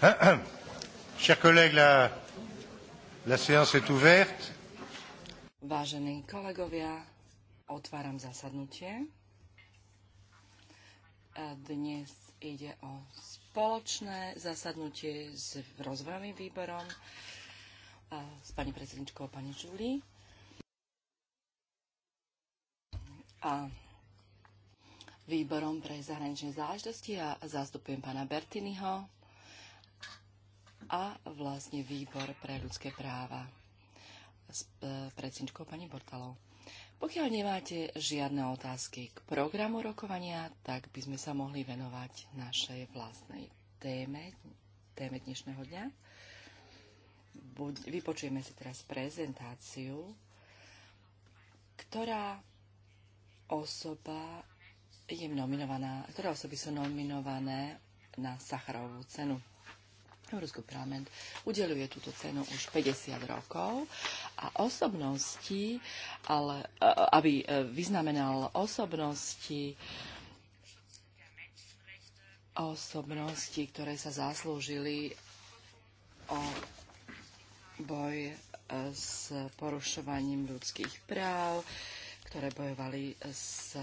Vážení kolegovia, otváram zasadnutie. E, dnes ide o spoločné zasadnutie s rozvojovým výborom e, s pani predsedničkou pani Žuli. A výborom pre zahraničné záležitosti a zastupujem pána Bertiniho a vlastne výbor pre ľudské práva s e, predsedničkou pani Bortalov. Pokiaľ nemáte žiadne otázky k programu rokovania, tak by sme sa mohli venovať našej vlastnej téme, téme dnešného dňa. Buď, vypočujeme si teraz prezentáciu, ktorá osoba je nominovaná, ktoré osoby sú nominované na Sacharovú cenu. Európsky parlament udeluje túto cenu už 50 rokov a osobnosti, ale e, e, aby e, vyznamenal osobnosti, osobnosti, ktoré sa zaslúžili o boj s porušovaním ľudských práv, ktoré bojovali s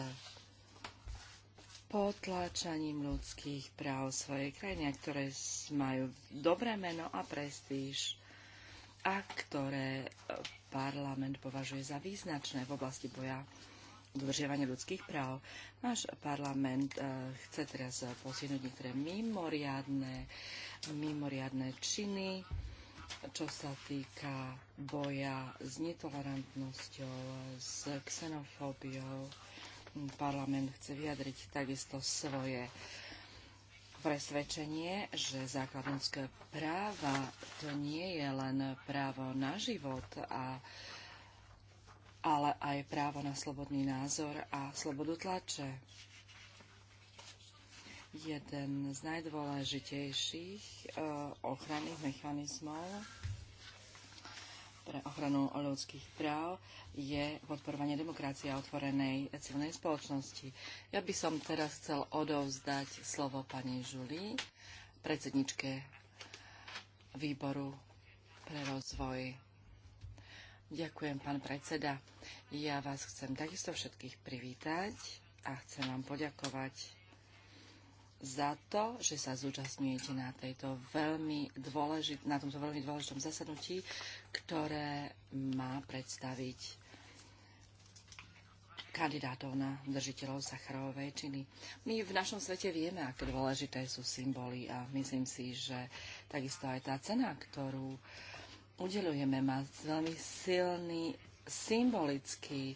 potláčaním ľudských práv svojej krajiny, ktoré majú dobré meno a prestíž a ktoré e, parlament považuje za význačné v oblasti boja dodržiavania ľudských práv. Náš parlament e, chce teraz posiednúť niektoré mimoriadne, mimoriadne činy, čo sa týka boja s netolerantnosťou, s xenofóbiou, parlament chce vyjadriť takisto svoje presvedčenie, že základ práva to nie je len právo na život, a, ale aj právo na slobodný názor a slobodu tlače. Jeden z najdôležitejších eh, ochranných mechanizmov pre ochranu ľudských práv je podporovanie demokracie a otvorenej civilnej spoločnosti. Ja by som teraz chcel odovzdať slovo pani Žuli, predsedničke výboru pre rozvoj. Ďakujem, pán predseda. Ja vás chcem takisto všetkých privítať a chcem vám poďakovať za to, že sa zúčastňujete na, tejto veľmi dôležit, na tomto veľmi dôležitom zasadnutí, ktoré má predstaviť kandidátov na držiteľov Sacharovej činy. My v našom svete vieme, aké dôležité sú symboly a myslím si, že takisto aj tá cena, ktorú udelujeme, má veľmi silný symbolický,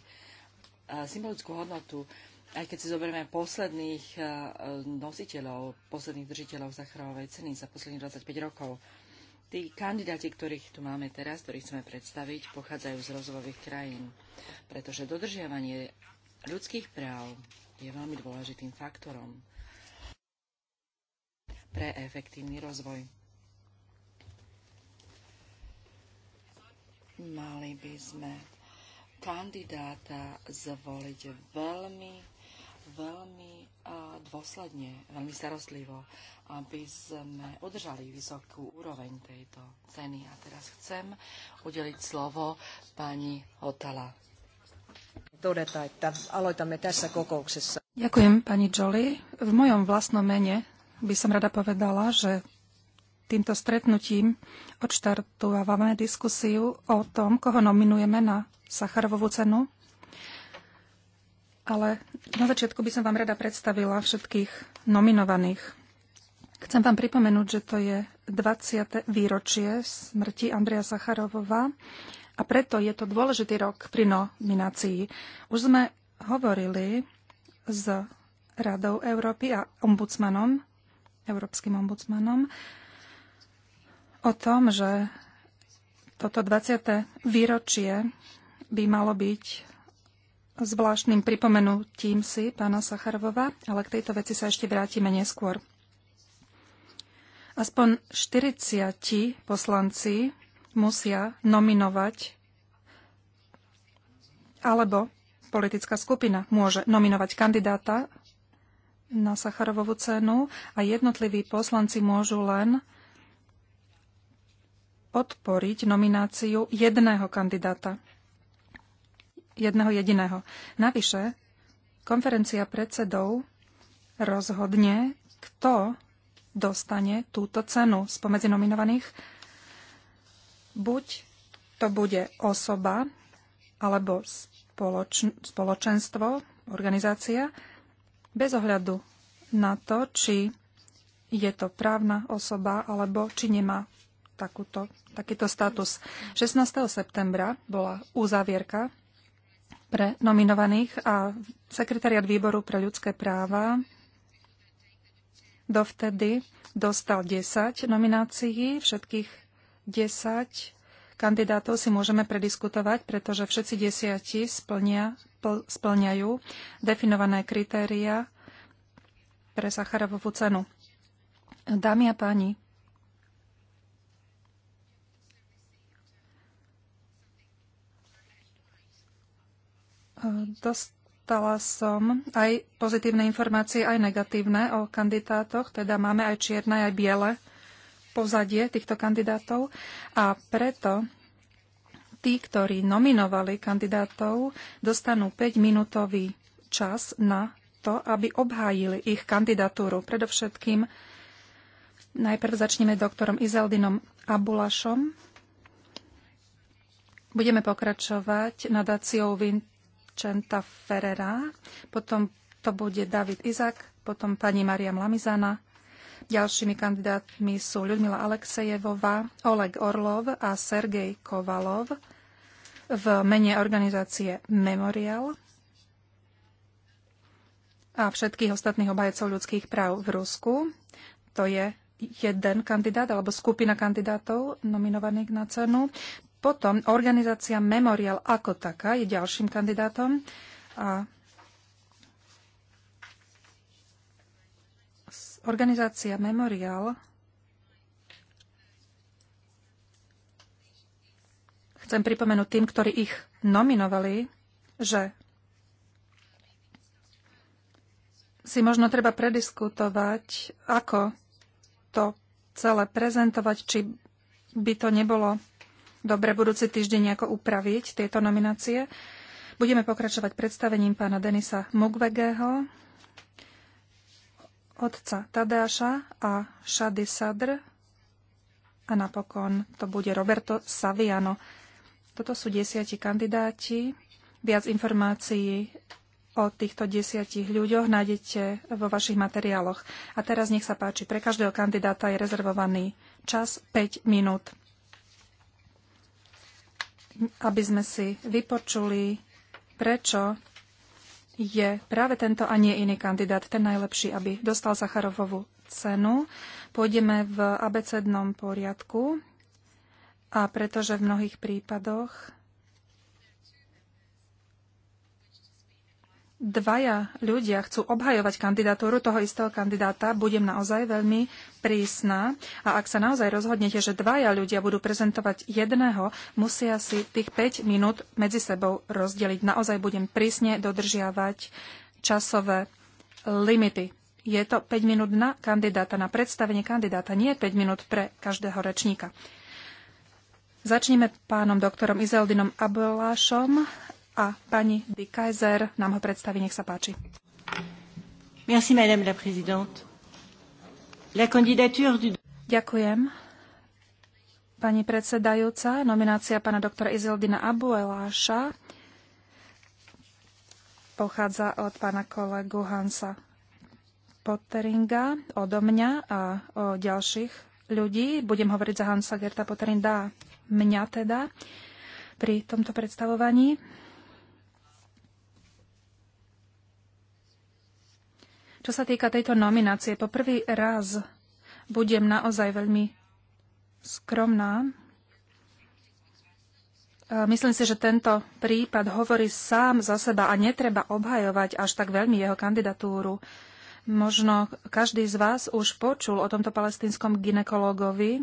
e, symbolickú hodnotu. Aj keď si zoberieme posledných eh, nositeľov, posledných držiteľov Zacharovej ceny za posledných 25 rokov, Tí kandidáti, ktorých tu máme teraz, ktorých chceme predstaviť, pochádzajú z rozvojových krajín, pretože dodržiavanie ľudských práv je veľmi dôležitým faktorom pre efektívny rozvoj. Mali by sme kandidáta zvoliť veľmi veľmi dôsledne, veľmi starostlivo, aby sme udržali vysokú úroveň tejto ceny. A teraz chcem udeliť slovo pani Hotala. Ďakujem, pani Jolie. V mojom vlastnom mene by som rada povedala, že týmto stretnutím odštartovávame diskusiu o tom, koho nominujeme na Sacharovú cenu ale na začiatku by som vám rada predstavila všetkých nominovaných. Chcem vám pripomenúť, že to je 20. výročie smrti Andreja Sacharovova a preto je to dôležitý rok pri nominácii. Už sme hovorili s Radou Európy a ombudsmanom, Európskym ombudsmanom, o tom, že toto 20. výročie by malo byť zvláštnym pripomenutím si pána Sacharovova, ale k tejto veci sa ešte vrátime neskôr. Aspoň 40 poslanci musia nominovať alebo politická skupina môže nominovať kandidáta na Sacharovovú cenu a jednotliví poslanci môžu len podporiť nomináciu jedného kandidáta jedného jediného. Navyše, konferencia predsedov rozhodne, kto dostane túto cenu spomedzi nominovaných. Buď to bude osoba alebo spoloč- spoločenstvo, organizácia, bez ohľadu na to, či je to právna osoba alebo či nemá takúto, takýto status. 16. septembra bola uzavierka pre nominovaných a sekretariat výboru pre ľudské práva dovtedy dostal 10 nominácií. Všetkých 10 kandidátov si môžeme prediskutovať, pretože všetci desiati splnia, pl, splňajú definované kritéria pre Sacharovú cenu. Dámy a páni, Dostala som aj pozitívne informácie, aj negatívne o kandidátoch, teda máme aj čierne, aj biele pozadie týchto kandidátov a preto tí, ktorí nominovali kandidátov, dostanú 5-minútový čas na to, aby obhájili ich kandidatúru. Predovšetkým najprv začneme doktorom Izeldinom Abulašom. Budeme pokračovať nadáciou Vint Čenta Ferrera, potom to bude David Izak, potom pani Maria Mlamizana. Ďalšími kandidátmi sú Ľudmila Aleksejevová, Oleg Orlov a Sergej Kovalov v mene organizácie Memorial a všetkých ostatných obhajcov ľudských práv v Rusku. To je jeden kandidát alebo skupina kandidátov nominovaných na cenu. Potom organizácia Memorial ako taká je ďalším kandidátom a organizácia Memorial chcem pripomenúť tým, ktorí ich nominovali, že si možno treba prediskutovať, ako to celé prezentovať, či by to nebolo dobre budúci týždeň nejako upraviť tieto nominácie. Budeme pokračovať predstavením pána Denisa Mugwegeho, otca Tadeáša a Shady Sadr a napokon to bude Roberto Saviano. Toto sú desiati kandidáti. Viac informácií o týchto desiatich ľuďoch nájdete vo vašich materiáloch. A teraz nech sa páči, pre každého kandidáta je rezervovaný čas 5 minút aby sme si vypočuli, prečo je práve tento a nie iný kandidát ten najlepší, aby dostal Sacharovovú cenu. Pôjdeme v abecednom poriadku a pretože v mnohých prípadoch dvaja ľudia chcú obhajovať kandidatúru toho istého kandidáta, budem naozaj veľmi prísna. A ak sa naozaj rozhodnete, že dvaja ľudia budú prezentovať jedného, musia si tých 5 minút medzi sebou rozdeliť. Naozaj budem prísne dodržiavať časové limity. Je to 5 minút na kandidáta, na predstavenie kandidáta, nie 5 minút pre každého rečníka. Začneme pánom doktorom Izeldinom Abelášom a pani De Kaiser nám ho predstaví. Nech sa páči. Merci, madame la présidente. La candidature du... Ďakujem. Pani predsedajúca, nominácia pána doktora Izildina Abueláša pochádza od pána kolegu Hansa Potteringa, odo mňa a o ďalších ľudí. Budem hovoriť za Hansa Gerta Potteringa, mňa teda pri tomto predstavovaní. Čo sa týka tejto nominácie, po prvý raz budem naozaj veľmi skromná. E, myslím si, že tento prípad hovorí sám za seba a netreba obhajovať až tak veľmi jeho kandidatúru. Možno každý z vás už počul o tomto palestínskom ginekologovi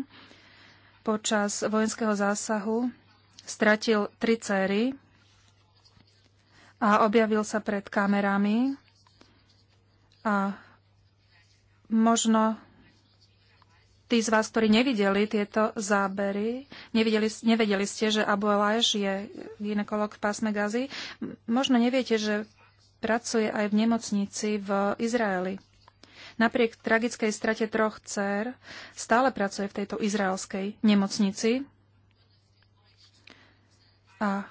Počas vojenského zásahu stratil tri céry a objavil sa pred kamerami a možno tí z vás, ktorí nevideli tieto zábery, nevideli, nevedeli ste, že Abu Elajš je ginekolog v pásme Gazy, možno neviete, že pracuje aj v nemocnici v Izraeli. Napriek tragickej strate troch dcer stále pracuje v tejto izraelskej nemocnici. A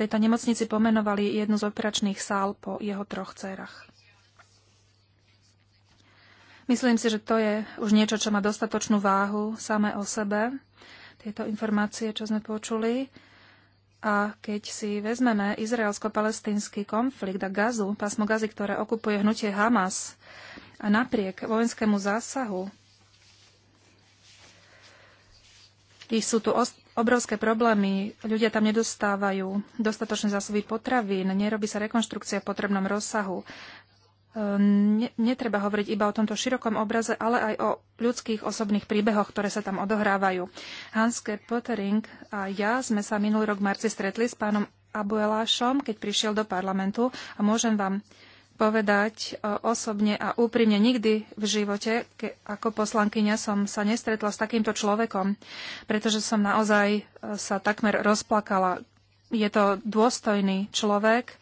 tejto nemocnici pomenovali jednu z operačných sál po jeho troch dcerách. Myslím si, že to je už niečo, čo má dostatočnú váhu samé o sebe, tieto informácie, čo sme počuli. A keď si vezmeme izraelsko-palestínsky konflikt a gazu, pásmo gazy, ktoré okupuje hnutie Hamas, a napriek vojenskému zásahu, sú tu obrovské problémy. Ľudia tam nedostávajú dostatočné zásoby potravín, nerobí sa rekonštrukcia v potrebnom rozsahu. Ehm, ne, netreba hovoriť iba o tomto širokom obraze, ale aj o ľudských osobných príbehoch, ktoré sa tam odohrávajú. Hanske Pottering a ja sme sa minulý rok v marci stretli s pánom Abuelášom, keď prišiel do parlamentu a môžem vám povedať e, osobne a úprimne nikdy v živote, ako poslankyňa som sa nestretla s takýmto človekom, pretože som naozaj e, sa takmer rozplakala. Je to dôstojný človek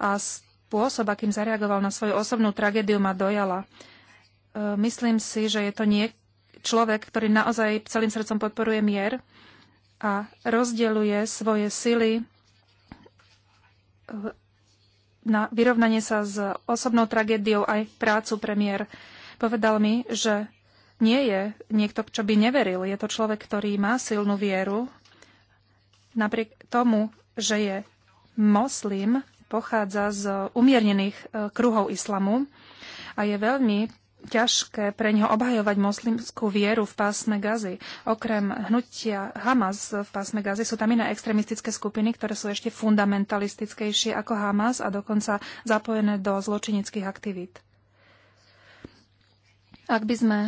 a spôsob, akým zareagoval na svoju osobnú tragédiu, ma dojala. E, myslím si, že je to nie človek, ktorý naozaj celým srdcom podporuje mier a rozdeľuje svoje sily na vyrovnanie sa s osobnou tragédiou aj prácu premiér. Povedal mi, že nie je niekto, čo by neveril. Je to človek, ktorý má silnú vieru. Napriek tomu, že je moslim, pochádza z umiernených eh, kruhov islamu a je veľmi ťažké pre neho obhajovať moslimskú vieru v pásme Gazy. Okrem hnutia Hamas v pásme Gazy sú tam iné extremistické skupiny, ktoré sú ešte fundamentalistickejšie ako Hamas a dokonca zapojené do zločineckých aktivít. Ak by sme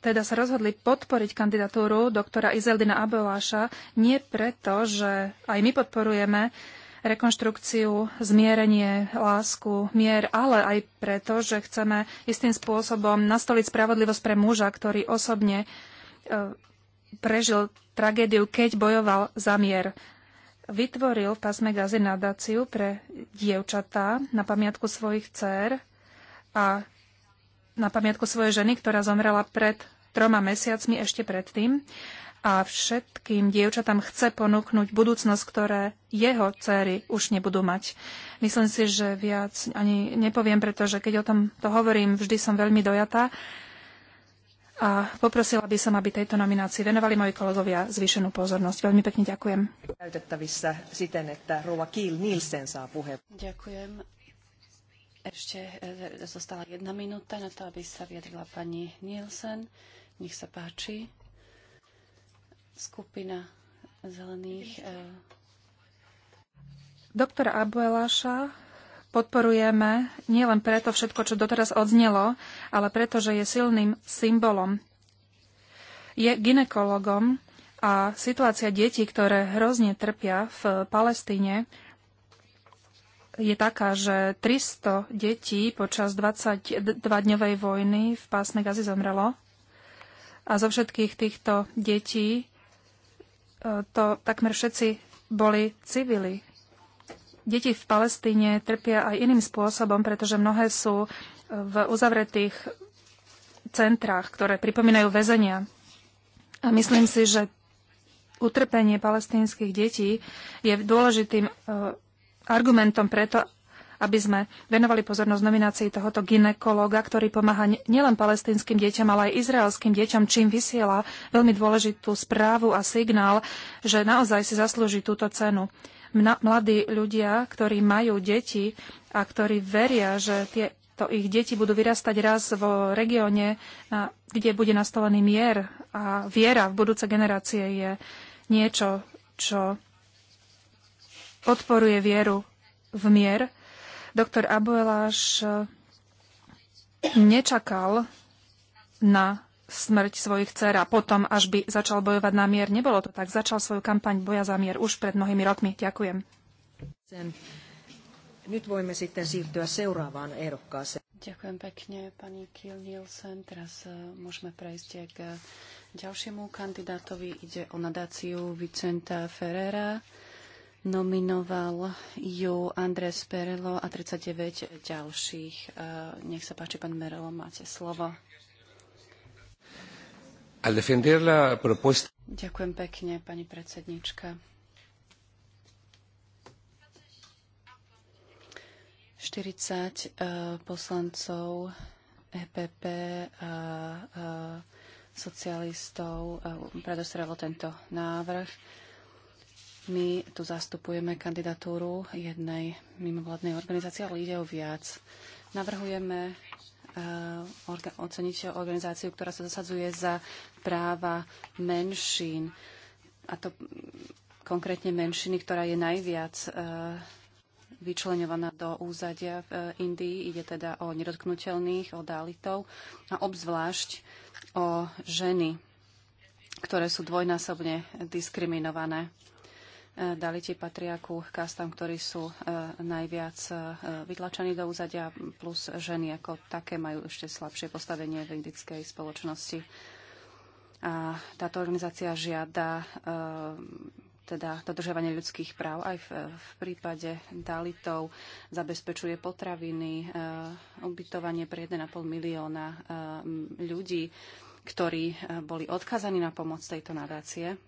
teda sa rozhodli podporiť kandidatúru doktora Izeldina Abeláša nie preto, že aj my podporujeme uh, rekonštrukciu, zmierenie, lásku, mier, ale aj preto, že chceme istým spôsobom nastoliť spravodlivosť pre muža, ktorý osobne e, prežil tragédiu, keď bojoval za mier. Vytvoril v pásme Gazy nadáciu pre dievčatá na pamiatku svojich dcer a na pamiatku svojej ženy, ktorá zomrela pred troma mesiacmi ešte predtým a všetkým dievčatám chce ponúknuť budúcnosť, ktoré jeho céry už nebudú mať. Myslím si, že viac ani nepoviem, pretože keď o tom to hovorím, vždy som veľmi dojatá. A poprosila by som, aby tejto nominácii venovali moji kolegovia zvýšenú pozornosť. Veľmi pekne ďakujem. Ďakujem. Ešte e, e, zostala jedna minúta na to, aby sa vyjadrila pani Nielsen. Nech sa páči skupina zelených. Eh, Doktora Abuelaša podporujeme nielen preto všetko, čo doteraz odznelo, ale preto, že je silným symbolom. Je ginekologom a situácia detí, ktoré hrozne trpia v Palestíne, je taká, že 300 detí počas 22-dňovej vojny v pásme Gazi zomrelo. A zo všetkých týchto detí to takmer všetci boli civili. Deti v Palestíne trpia aj iným spôsobom, pretože mnohé sú e, v uzavretých centrách, ktoré pripomínajú väzenia. A myslím si, že utrpenie palestínskych detí je dôležitým e, argumentom preto, aby sme venovali pozornosť nominácii tohoto ginekologa, ktorý pomáha nielen palestinským deťom, ale aj izraelským deťom, čím vysiela veľmi dôležitú správu a signál, že naozaj si zaslúži túto cenu. Mladí ľudia, ktorí majú deti a ktorí veria, že tie to ich deti budú vyrastať raz v regióne, kde bude nastolený mier a viera v budúce generácie je niečo, čo podporuje vieru v mier Doktor Abueláš eh, nečakal na smrť svojich dcer a potom, až by začal bojovať na mier. Nebolo to tak. Začal svoju kampaň boja za mier už pred mnohými rokmi. Ďakujem. Ďakujem pekne, pani Kiel Nielsen. Teraz eh, môžeme prejsť k ďalšiemu kandidátovi. Ide o nadáciu Vicenta Ferrera. Nominoval ju Andres Perelo a 39 ďalších. E, nech sa páči, pán Merelo, máte slovo. Ďakujem pekne, pani predsednička. 40 e, poslancov EPP a socialistov e, predostrelo tento návrh. My tu zastupujeme kandidatúru jednej mimovládnej organizácie, ale ide o viac. Navrhujeme eh, orga- oceniť organizáciu, ktorá sa zasadzuje za práva menšín, a to konkrétne menšiny, ktorá je najviac eh, vyčlenovaná do úzadia v eh, Indii. Ide teda o nedotknutelných, o dalitov a obzvlášť o ženy, ktoré sú dvojnásobne diskriminované. Eh, dali patria patriáku kastám, ktorí sú eh, najviac eh, vytlačení do úzadia, plus ženy ako také majú ešte slabšie postavenie v indickej spoločnosti. A táto organizácia žiada teda dodržiavanie ľudských práv aj v, v prípade Dalitov zabezpečuje potraviny, e, ubytovanie pre 1,5 milióna e, ľudí, ktorí boli odkazaní na pomoc tejto nadácie.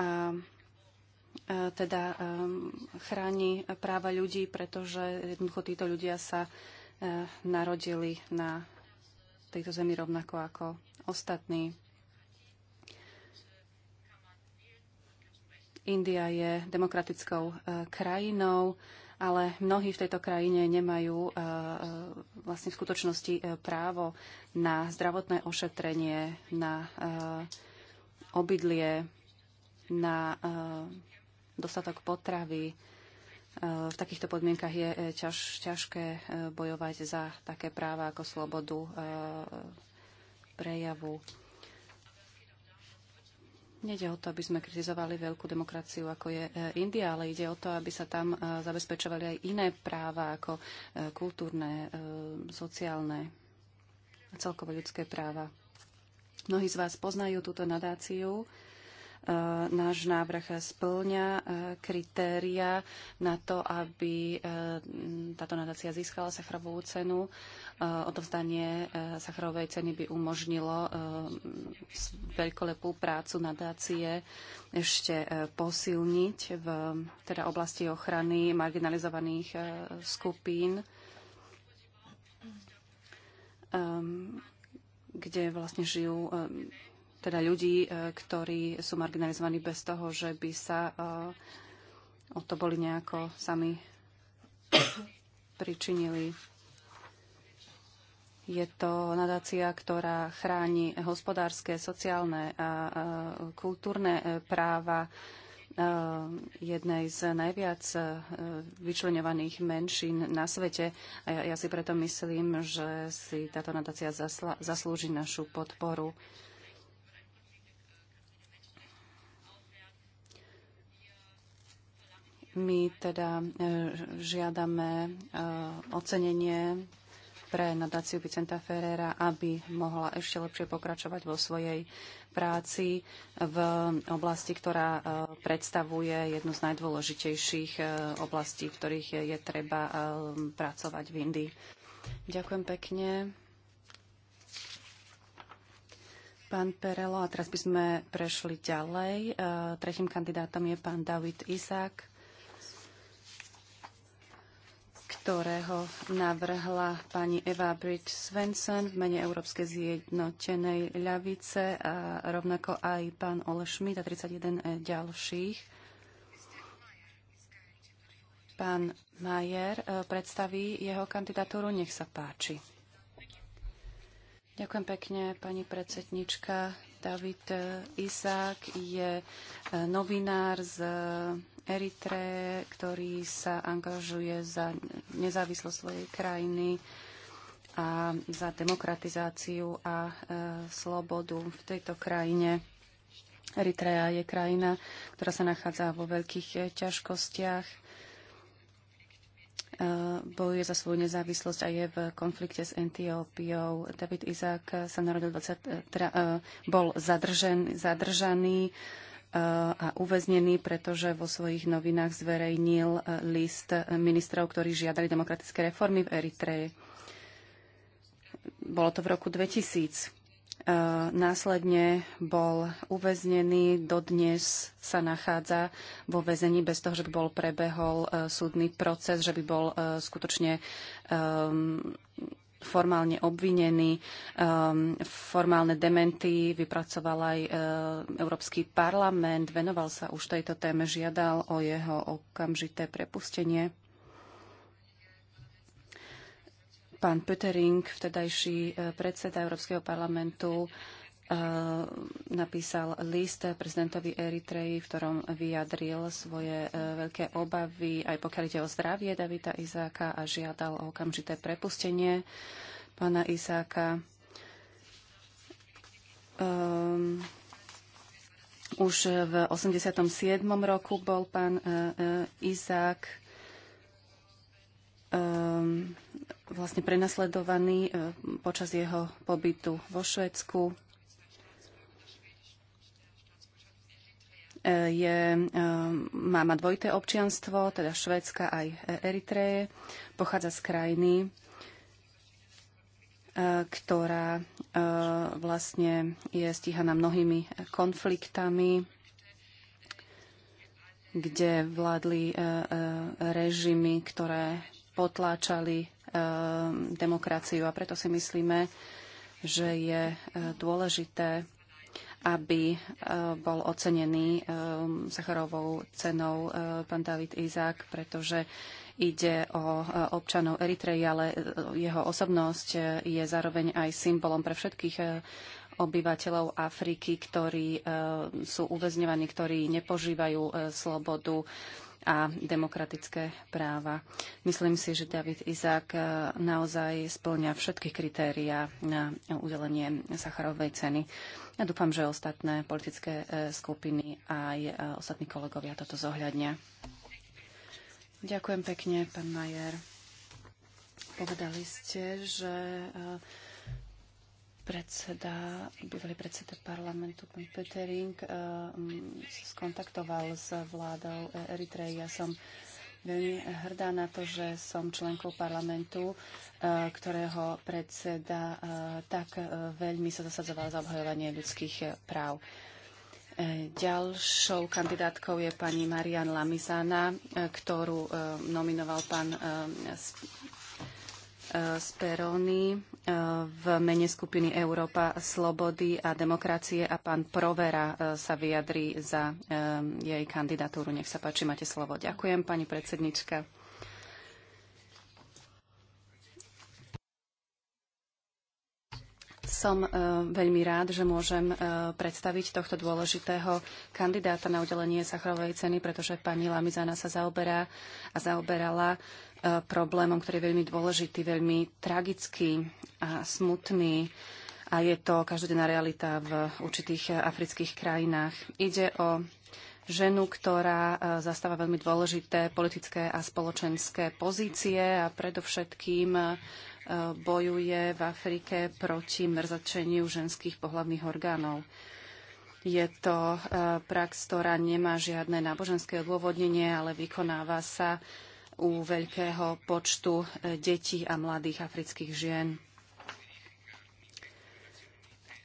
a teda chráni práva ľudí, pretože jednoducho títo ľudia sa narodili na tejto zemi rovnako ako ostatní. India je demokratickou krajinou, ale mnohí v tejto krajine nemajú vlastne v skutočnosti právo na zdravotné ošetrenie, na obydlie, na eh, dostatok potravy. Eh, v takýchto podmienkach je eh, ťaž, ťažké bojovať za také práva ako slobodu prejavu. Nede o to, aby sme kritizovali veľkú demokraciu, ako je India, ale ide o to, aby sa tam zabezpečovali aj iné práva, ako kultúrne, sociálne a celkovo ľudské práva. Mnohí z vás poznajú túto nadáciu. E, náš návrh splňa e, kritéria na to, aby e, táto nadácia získala Sacharovú cenu. Odovzdanie Sacharovej ceny by umožnilo veľkolepú prácu nadácie ešte posilniť v teda oblasti ochrany marginalizovaných skupín ehm, kde vlastne žijú ehm, teda ľudí, e, ktorí sú marginalizovaní bez toho, že by sa e, o to boli nejako sami pričinili. Je to nadácia, ktorá chráni hospodárske, sociálne a kultúrne e, práva jednej z najviac vyčlenovaných menšín na svete. A ja, ja si preto myslím, že si táto nadácia zaslúži našu podporu. My teda e, žiadame e, ocenenie pre nadáciu Vicenta Ferrera, aby mohla ešte lepšie pokračovať vo svojej práci v oblasti, ktorá e, predstavuje jednu z najdôležitejších oblastí, v ktorých je, treba pracovať v Indii. Ďakujem pekne. Pán Perelo, a teraz by sme prešli ďalej. Tretím kandidátom je pán David Isák ktorého navrhla pani Eva Bridge Svensson v mene Európskej zjednotenej ľavice a rovnako aj pán Ole Schmidt a 31 e, ďalších. Pán Majer e, predstaví jeho kandidatúru. Nech sa páči. Ďakujem pekne, pani predsednička. David Isák je e, novinár z Eritre, ktorý sa angažuje za nezávislosť svojej krajiny a za demokratizáciu a e, slobodu v tejto krajine. Eritrea je krajina, ktorá sa nachádza vo veľkých e, ťažkostiach Eh, bojuje za svoju nezávislosť a je v konflikte s Etiópiou. David Izák sa narodil 20, eh, teda, eh, bol zadržen, zadržaný a uväznený, pretože vo svojich novinách zverejnil list ministrov, ktorí žiadali demokratické reformy v Eritreji. Bolo to v roku 2000. E, následne bol uväznený, dodnes sa nachádza vo väzení bez toho, že by bol prebehol e, súdny proces, že by bol e, skutočne ehm, formálne obvinený. Ehm, formálne dementy vypracoval aj Európsky parlament, venoval sa už tejto téme, žiadal o jeho okamžité prepustenie. Pán Pötering, vtedajší e, predseda Európskeho parlamentu, e, napísal list prezidentovi Eritreji, v ktorom vyjadril svoje e, veľké obavy, aj pokiaľ ide o zdravie Davida Izáka a žiadal o okamžité prepustenie pána Izáka. Um, už v 87. roku bol pán uh, Izák um, vlastne prenasledovaný e, počas jeho pobytu vo Švedsku. E, je, e, má, má dvojité občianstvo, teda Švédska aj Eritreje. Pochádza z krajiny, ktorá vlastne je stíhaná mnohými konfliktami, kde vládli režimy, ktoré potláčali Eh, demokraciu. A preto si myslíme, že je eh, dôležité, aby eh, bol ocenený Sacharovou cenou pán David Izák, pretože ide o občanov Eritreji, ale jeho osobnosť je zároveň aj symbolom pre všetkých obyvateľov Afriky, ktorí sú uväzňovaní, ktorí nepožívajú slobodu, a demokratické práva. Myslím si, že David Izák e, naozaj splňa všetky kritériá na udelenie Sacharovej ceny. Ja dúfam, že ostatné politické e, skupiny aj e, ostatní kolegovia toto zohľadnia. Ďakujem pekne, pán Majer. Povedali ste, že predseda, bývalý predseda parlamentu, pán Petering, eh, sa skontaktoval s vládou Eritreji. Ja som veľmi hrdá na to, že som členkou parlamentu, eh, ktorého predseda eh, tak veľmi sa zasadzoval za obhajovanie ľudských práv. Ďalšou kandidátkou je pani Marian Lamizana, ktorú nominoval pán Speroni E, v mene skupiny Európa slobody a demokracie a pán Provera e, sa vyjadrí za e, jej kandidatúru. Nech sa páči, máte slovo. Ďakujem, pani predsednička. Som e, veľmi rád, že môžem e, predstaviť tohto dôležitého kandidáta na udelenie Sacharovej ceny, pretože pani Lamizana sa zaoberá a zaoberala e, problémom, ktorý je veľmi dôležitý, veľmi tragický a smutný a je to každodenná realita v určitých afrických krajinách. Ide o ženu, ktorá zastáva veľmi dôležité politické a spoločenské pozície a predovšetkým bojuje v Afrike proti mrzačeniu ženských pohľavných orgánov. Je to e, prax, ktorá nemá žiadne náboženské odôvodnenie, ale vykonáva sa u veľkého počtu e, detí a mladých afrických žien.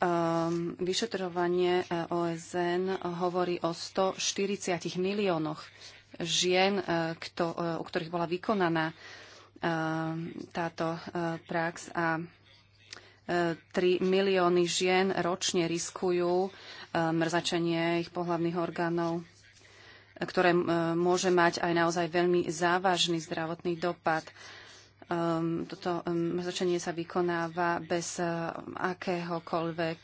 Ehm, vyšetrovanie e, OSN hovorí o 140 miliónoch žien, kto, u ktorých bola vykonaná Eh, táto eh, prax a 3 eh, milióny žien ročne riskujú mrzačenie ich pohlavných orgánov, ktoré môže mať aj naozaj veľmi závažný zdravotný dopad. Ehm, toto ehm, mrzačenie sa vykonáva bez akéhokoľvek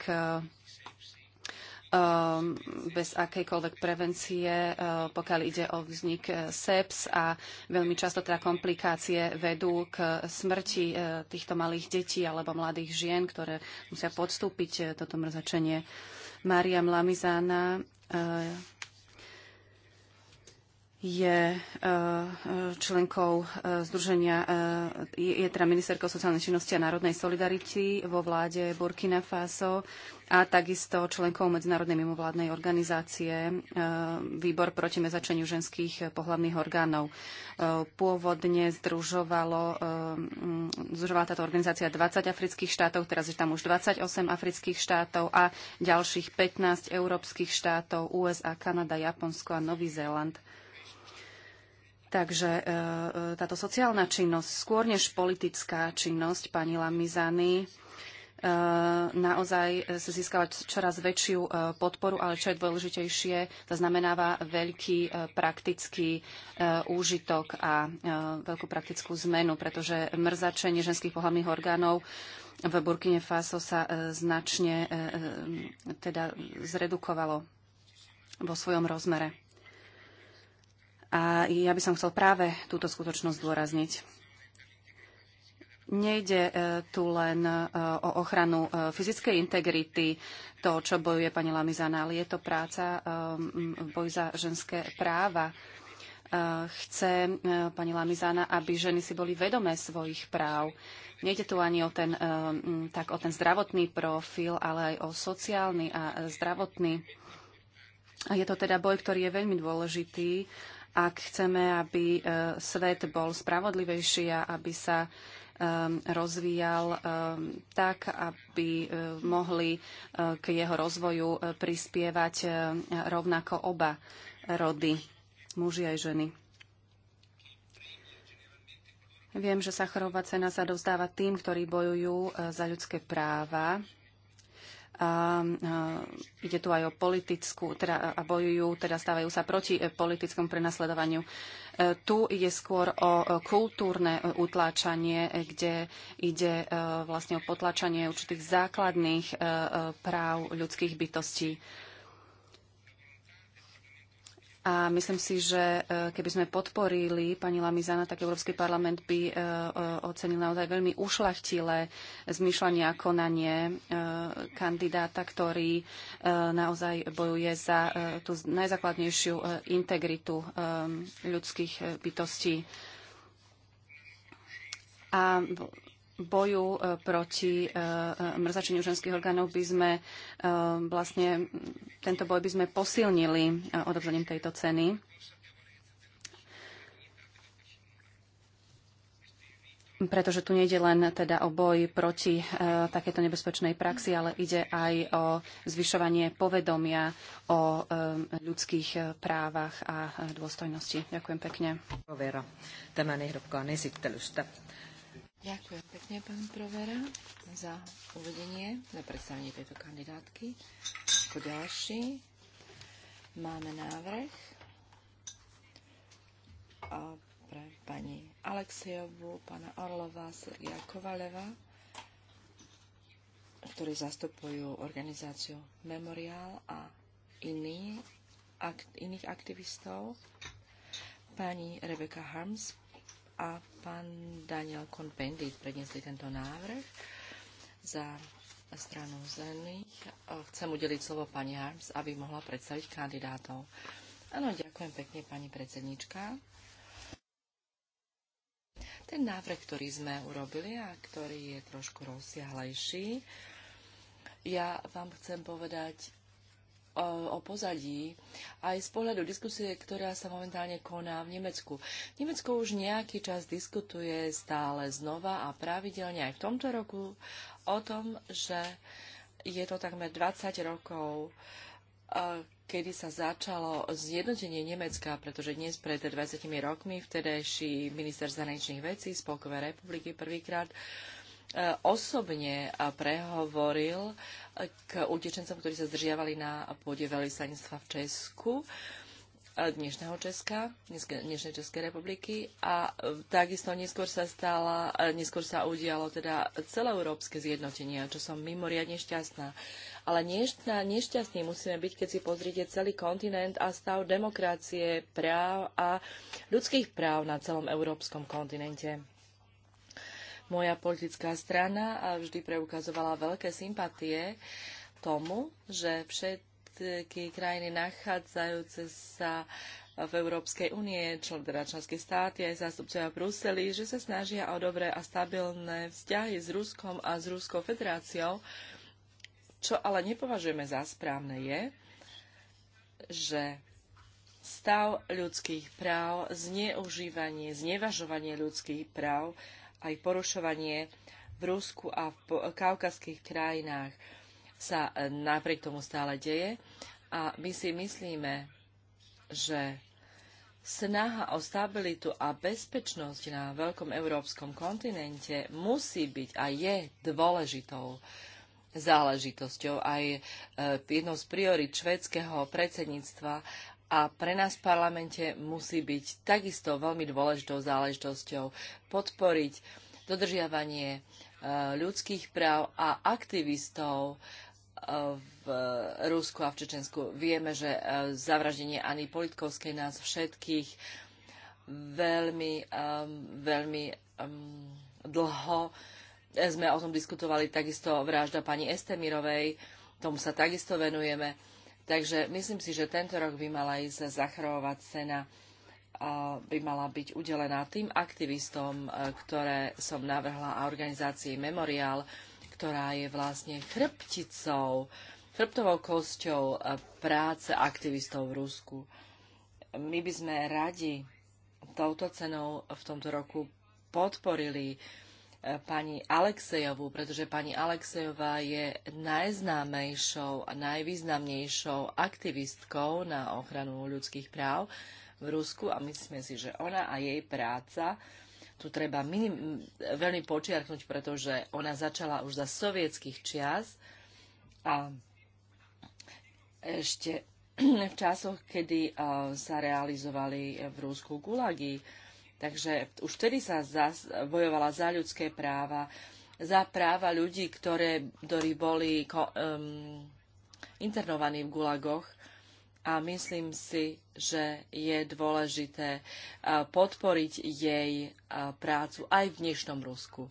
Ehm, bez akejkoľvek prevencie, ehm, pokiaľ ide o vznik e, seps a veľmi často teda komplikácie vedú k smrti e, týchto malých detí alebo mladých žien, ktoré musia podstúpiť e, toto mrzačenie. Mária Mlamizána je eh, členkou eh, združenia, eh, je teda ministerkou sociálnej činnosti a národnej solidarity vo vláde Burkina Faso a takisto členkou medzinárodnej mimovládnej organizácie Výbor proti mezačeniu ženských pohľavných orgánov. Pôvodne združovalo, mm, združovala táto organizácia 20 afrických štátov, teraz je tam už 28 afrických štátov a ďalších 15 európskych štátov USA, Kanada, Japonsko a Nový Zéland. Takže e, e, táto sociálna činnosť, skôr než politická činnosť pani Lamizany, e, naozaj sa získava čoraz väčšiu podporu, ale čo je dôležitejšie, zaznamenáva veľký praktický úžitok a veľkú praktickú zmenu, pretože mrzačenie ženských pohľadných orgánov v Burkine Faso sa značne teda zredukovalo vo svojom rozmere. A ja by som chcel práve túto skutočnosť zdôrazniť. Nejde e, tu len e, o ochranu e, fyzickej integrity, to, čo bojuje pani Lamizana, ale je to práca, boj za ženské práva. Chce pani Lamizana, aby ženy si boli vedomé svojich práv. Nejde tu ani o ten, tak o ten zdravotný profil, ale aj o sociálny a zdravotný. Je to teda boj, ktorý je veľmi dôležitý ak chceme, aby e, svet bol spravodlivejší a aby sa e, rozvíjal e, tak, aby mohli k jeho rozvoju prispievať rovnako oba rody, muži aj ženy. Viem, že Sacharová cena sa dozdáva tým, ktorí bojujú za ľudské práva a, a ide tu aj o politickú, teda, a bojujú, teda stávajú sa proti e, politickom prenasledovaniu. E, tu ide skôr o kultúrne e, utláčanie, e, kde ide e, vlastne o potláčanie určitých základných e, práv ľudských bytostí. E, a myslím si, že e, keby sme podporili pani Lamizana, tak Európsky parlament by e, e, ocenil naozaj veľmi ušlachtilé zmyšľanie a konanie kandidáta, ktorý naozaj bojuje za tú najzákladnejšiu integritu ľudských bytostí. A boju e, proti e, e, mrzačeniu ženských orgánov by sme vlastne tento boj by sme posilnili odobrením tejto ceny. pretože tu nejde len teda o boj proti e, takéto nebezpečnej praxi, ale ide aj o zvyšovanie povedomia o e, ľudských právach a dôstojnosti. Ďakujem pekne. Tämän ehdokkaan esittelystä. Ďakujem pekne, pán Provera, za uvedenie, za predstavenie tejto kandidátky. Ako ďalší máme návrh a pre pani Alexejovu, pána Orlova, Sergia Kovaleva, ktorí zastupujú organizáciu Memorial a iný, ak, iných aktivistov, pani Rebecca Harms, a pán Daniel kohn pendit predniesli tento návrh za stranu zelených. Chcem udeliť slovo pani Harms, aby mohla predstaviť kandidátov. Áno, ďakujem pekne, pani predsednička. Ten návrh, ktorý sme urobili a ktorý je trošku rozsiahlejší, ja vám chcem povedať, o pozadí aj z pohľadu diskusie, ktorá sa momentálne koná v Nemecku. Nemecko už nejaký čas diskutuje stále znova a pravidelne aj v tomto roku o tom, že je to takmer 20 rokov, e, kedy sa začalo zjednotenie Nemecka, pretože dnes pred 20 rokmi vtedajší minister zahraničných vecí Spolkovej republiky prvýkrát uh, E, osobne prehovoril k utečencom, ktorí sa zdržiavali na pôde veľvyslanectva v Česku e, dnešného Česka, dnešnej Českej republiky a e, takisto neskôr sa stala, neskôr sa udialo teda celoeurópske zjednotenie, čo som mimoriadne šťastná. Ale nešťastní musíme byť, keď si pozrite celý kontinent a stav demokracie, práv a ľudských práv na celom európskom kontinente. Moja politická strana vždy preukazovala veľké sympatie tomu, že všetky krajiny nachádzajúce sa v Európskej únie, teda členské státy aj zástupcovia Bruseli, že sa snažia o dobré a stabilné vzťahy s Ruskom a s Ruskou federáciou. Čo ale nepovažujeme za správne je, že stav ľudských práv, zneužívanie, znevažovanie ľudských práv aj porušovanie v Rusku a v kaukazských krajinách sa e, napriek tomu stále deje a my si myslíme, že snaha o stabilitu a bezpečnosť na veľkom európskom kontinente musí byť a je dôležitou záležitosťou aj e, jednou z priorit švedského predsedníctva a pre nás v parlamente musí byť takisto veľmi dôležitou záležitosťou podporiť dodržiavanie e, ľudských práv a aktivistov e, v Rusku a v Čečensku. Vieme, že e, zavraždenie Ani Politkovskej nás všetkých veľmi, veľmi dlho sme o tom diskutovali takisto vražda pani Estemirovej, tomu sa takisto venujeme Takže myslím si, že tento rok by mala ísť zachrovovať cena by mala byť udelená tým aktivistom, e, ktoré som navrhla a organizácii Memorial, ktorá je vlastne chrbticou, chrbtovou kosťou e, práce aktivistov v Rusku. My by sme radi touto cenou v tomto roku podporili pani Alexejovú, pretože pani Alexejová je najznámejšou a najvýznamnejšou aktivistkou na ochranu ľudských práv v Rusku a myslíme si, že ona a jej práca tu treba minim, veľmi počiarknúť, pretože ona začala už za sovietských čias a ešte v časoch, kedy sa realizovali v Rusku gulagy, Takže už vtedy sa zas, bojovala za ľudské práva, za práva ľudí, ktoré, ktorí boli ko, um, internovaní v gulagoch. A myslím si, že je dôležité eh, podporiť jej eh, prácu aj v dnešnom Rusku.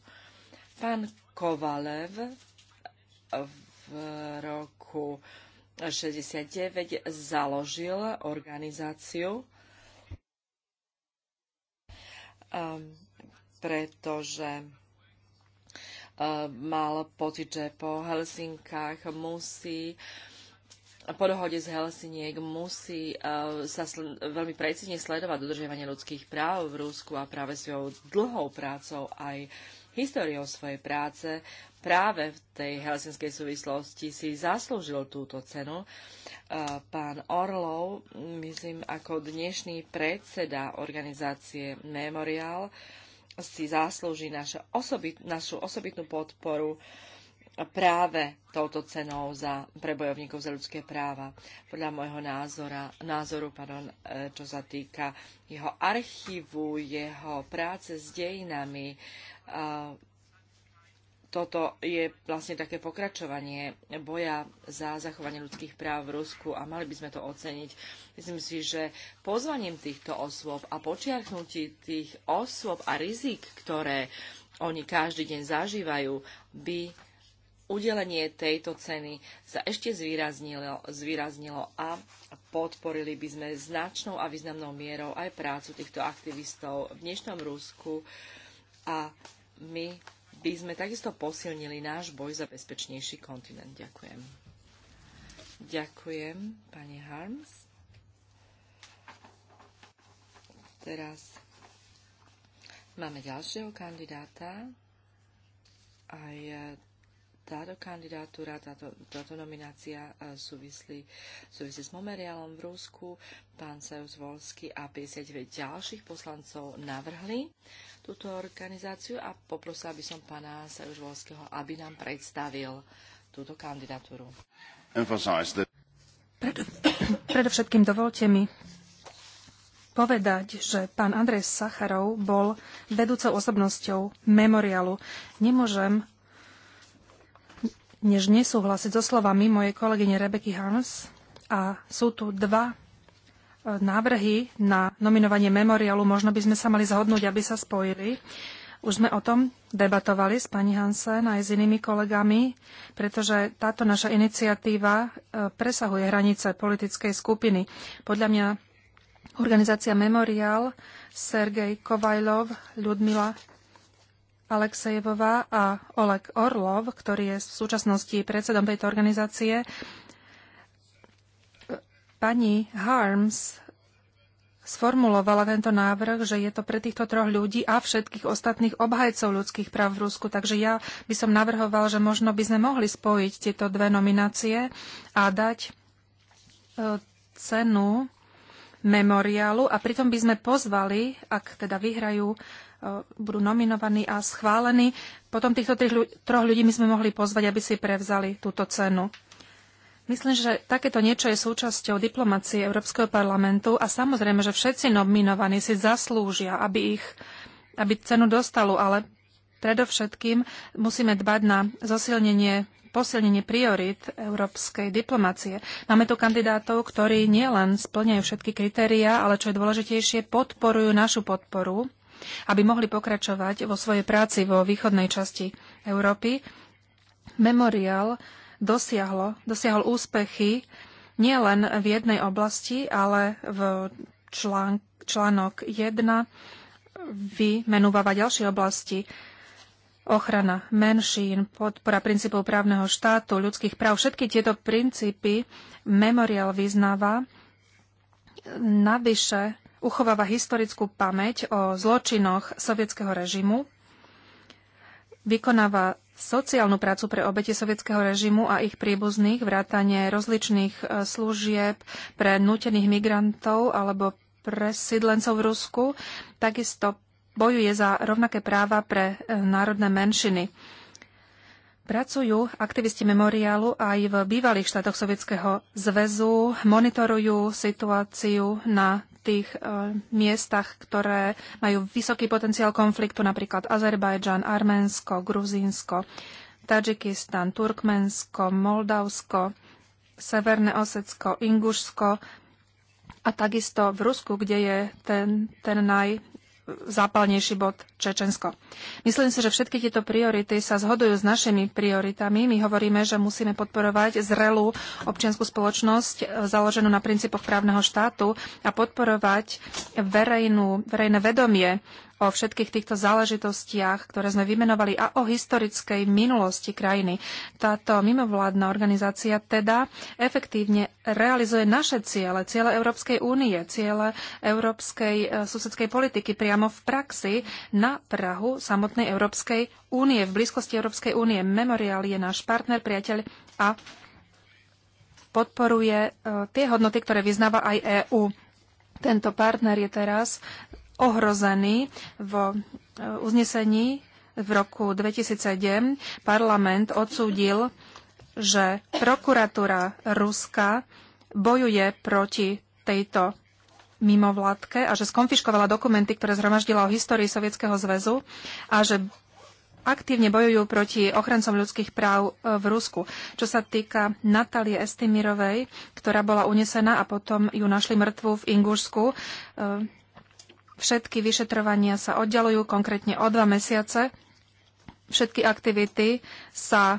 Pán Kovalev eh, v roku 69 založil organizáciu Ehm, pretože ehm, mal pocit, že po Helsinkách musí po dohode z Helsiniek musí ehm, sa veľmi precízne sledovať dodržiavanie ľudských práv v Rúsku a práve svojou dlhou prácou aj históriou svojej práce práve v tej helsinskej súvislosti si zaslúžil túto cenu. Pán Orlov, myslím, ako dnešný predseda organizácie Memorial, si zaslúži našu osobitnú podporu práve touto cenou za prebojovníkov za ľudské práva. Podľa môjho názora, názoru, pardon, e, čo sa týka jeho archívu, jeho práce s dejinami, e, toto je vlastne také pokračovanie boja za zachovanie ľudských práv v Rusku a mali by sme to oceniť. Myslím si, že pozvaním týchto osôb a počiarknutí tých osôb a rizik, ktoré oni každý deň zažívajú, by udelenie tejto ceny sa ešte zvýraznilo, zvýraznilo a podporili by sme značnou a významnou mierou aj prácu týchto aktivistov v dnešnom Rusku a my by sme takisto posilnili náš boj za bezpečnejší kontinent. Ďakujem. Ďakujem, pani Harms. Teraz máme ďalšieho kandidáta. Aj táto kandidatúra, táto, táto nominácia e, súvislí, súvisí s momeriálom v Rusku. Pán Sajus Volsky a 59 ďalších poslancov navrhli túto organizáciu a poprosila by som pána Sajus Volského, aby nám predstavil túto kandidatúru. Pred, predovšetkým dovolte mi povedať, že pán Andrej Sacharov bol vedúcou osobnosťou memoriálu. Nemôžem než nesúhlasiť so slovami mojej kolegyne Rebeky Hans. A sú tu dva e, návrhy na nominovanie memoriálu. Možno by sme sa mali zhodnúť, aby sa spojili. Už sme o tom debatovali s pani Hansen aj s inými kolegami, pretože táto naša iniciatíva e, presahuje hranice politickej skupiny. Podľa mňa organizácia Memorial, Sergej Kovajlov, Ľudmila Aleksejevová a Oleg Orlov, ktorý je v súčasnosti predsedom tejto organizácie. Pani Harms sformulovala tento návrh, že je to pre týchto troch ľudí a všetkých ostatných obhajcov ľudských práv v Rusku. Takže ja by som navrhoval, že možno by sme mohli spojiť tieto dve nominácie a dať e, cenu memoriálu a pritom by sme pozvali, ak teda vyhrajú E, budú nominovaní a schválení. Potom týchto troch ľudí my sme mohli pozvať, aby si prevzali túto cenu. Myslím, že takéto niečo je súčasťou diplomácie Európskeho parlamentu a samozrejme, že všetci nominovaní si zaslúžia, aby, ich, aby cenu dostalo, ale predovšetkým musíme dbať na zosilnenie posilnenie priorit európskej diplomácie. Máme tu kandidátov, ktorí nielen splňajú všetky kritériá, ale čo je dôležitejšie, podporujú našu podporu aby mohli pokračovať vo svojej práci vo východnej časti Európy. Memorial dosiahlo, dosiahol úspechy nielen v jednej oblasti, ale v člán, článok 1 vymenúvava ďalšie oblasti ochrana menšín, podpora princípov právneho štátu, ľudských práv. Všetky tieto princípy memoriál vyznáva. Navyše uchováva historickú pamäť o zločinoch sovietského režimu, vykonáva sociálnu prácu pre obete sovietského režimu a ich príbuzných, vrátanie rozličných e, služieb pre nútených migrantov alebo presídlencov v Rusku, takisto bojuje za rovnaké práva pre e, národné menšiny. Pracujú aktivisti memoriálu aj v bývalých štátoch Sovietskeho zväzu, monitorujú situáciu na tých uh, miestach, ktoré majú vysoký potenciál konfliktu, napríklad Azerbajdžan, Arménsko, Gruzínsko, Tadžikistan, Turkmensko, Moldavsko, Severné Osecko, Ingušsko a takisto v Rusku, kde je ten, ten naj, zápalnejší bod Čečensko. Myslím si, že všetky tieto priority sa zhodujú s našimi prioritami. My hovoríme, že musíme podporovať zrelú občianskú spoločnosť e, založenú na princípoch právneho štátu a podporovať verejnú, verejné vedomie o všetkých týchto záležitostiach, ktoré sme vymenovali a o historickej minulosti krajiny. Táto mimovládna organizácia teda efektívne realizuje naše ciele, ciele Európskej únie, ciele európskej e, susedskej politiky priamo v praxi na Prahu samotnej Európskej únie, v blízkosti Európskej únie. Memoriál je náš partner, priateľ a podporuje e, tie hodnoty, ktoré vyznáva aj EÚ. Tento partner je teraz ohrozený. V e, uznesení v roku 2007 parlament odsúdil, že prokuratúra Ruska bojuje proti tejto mimovládke a že skonfiškovala dokumenty, ktoré zhromaždila o histórii Sovietskeho zväzu a že aktívne bojujú proti ochrancom ľudských práv e, v Rusku. Čo sa týka Natalie Estimirovej, ktorá bola unesená a potom ju našli mŕtvu v Ingušsku, e, Všetky vyšetrovania sa oddelujú konkrétne o dva mesiace. Všetky aktivity sa e,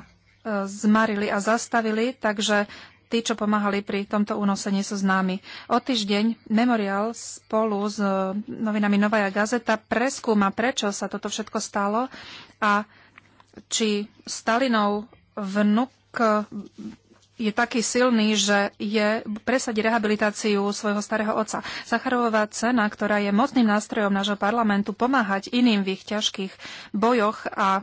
zmarili a zastavili, takže tí, čo pomáhali pri tomto únosení, sú známi. O týždeň Memorial spolu s e, novinami Novaja Gazeta preskúma, prečo sa toto všetko stalo a či Stalinov vnuk je taký silný, že je presadí rehabilitáciu svojho starého otca. Sacharová cena, ktorá je mocným nástrojom nášho parlamentu pomáhať iným v ich ťažkých bojoch a e,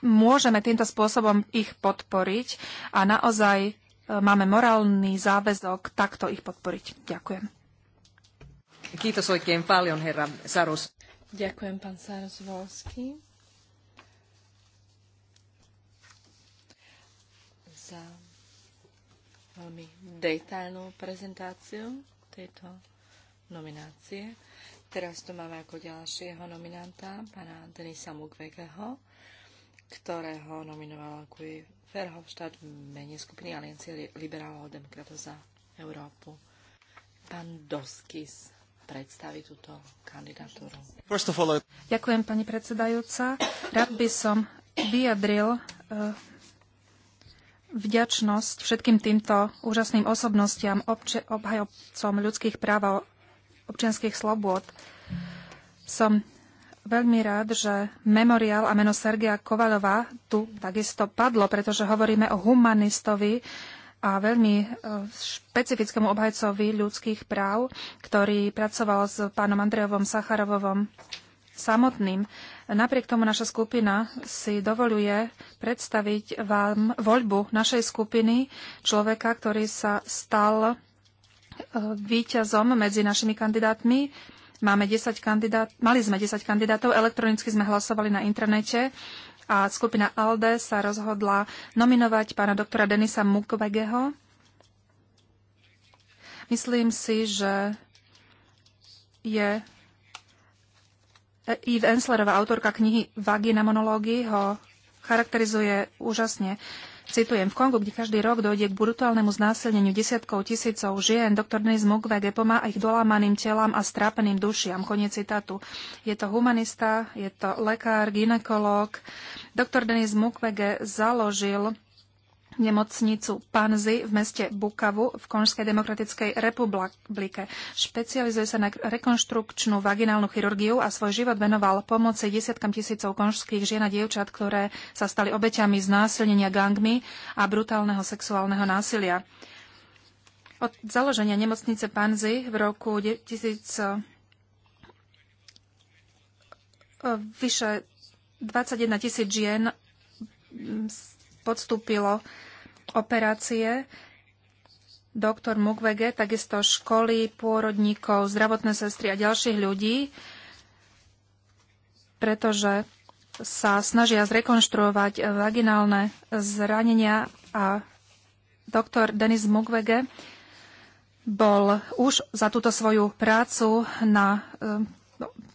môžeme týmto spôsobom ich podporiť a naozaj e, máme morálny záväzok takto ich podporiť. Ďakujem. Kiitos oikein paljon, herra Sarus. Ďakujem, pán Sarus Volsky. veľmi detailnú prezentáciu tejto nominácie. Teraz tu máme ako ďalšieho nominanta, pána Denisa Mugwegeho, ktorého nominovala Guy Verhofstadt v mene skupiny Aliancie liberálov a demokratov za Európu. Pán Doskis predstaví túto kandidatúru. Ďakujem, pani predsedajúca. Rád by som vyjadril uh, vďačnosť všetkým týmto úžasným osobnostiam, obče- obhajobcom ľudských práv a občianských slobôd. Som veľmi rád, že memoriál a meno Sergia Kovalova tu takisto padlo, pretože hovoríme o humanistovi a veľmi e, špecifickému obhajcovi ľudských práv, ktorý pracoval s pánom Andrejovom Sacharovovom samotným. Napriek tomu naša skupina si dovoluje predstaviť vám voľbu našej skupiny človeka, ktorý sa stal eh, víťazom medzi našimi kandidátmi. Máme 10 kandidát, mali sme 10 kandidátov, elektronicky sme hlasovali na internete a skupina ALDE sa rozhodla nominovať pána doktora Denisa Mukwegeho. Myslím si, že je Eve Enslerová, autorka knihy Vagy na monológii, ho charakterizuje úžasne. Citujem, v Kongu, kde každý rok dojde k brutálnemu znásilneniu desiatkov tisícov žien, doktor Nils Mukwege pomáha ich dolámaným telám a strápeným dušiam. Konec citátu. Je to humanista, je to lekár, ginekolog. Doktor Denis Mukwege založil nemocnicu Panzi v meste Bukavu v Konžskej demokratickej republike. Špecializuje sa na rekonštrukčnú vaginálnu chirurgiu a svoj život venoval pomoci desiatkam tisícov konžských žien a dievčat, ktoré sa stali obeťami znásilnenia gangmi a brutálneho sexuálneho násilia. Od založenia nemocnice Panzi v roku 2000 e, vyše 21 tisíc žien podstúpilo operácie. Doktor Mukwege, takisto školy, pôrodníkov, zdravotné sestry a ďalších ľudí, pretože sa snažia zrekonštruovať vaginálne zranenia a doktor Denis Mukwege bol už za túto svoju prácu na e,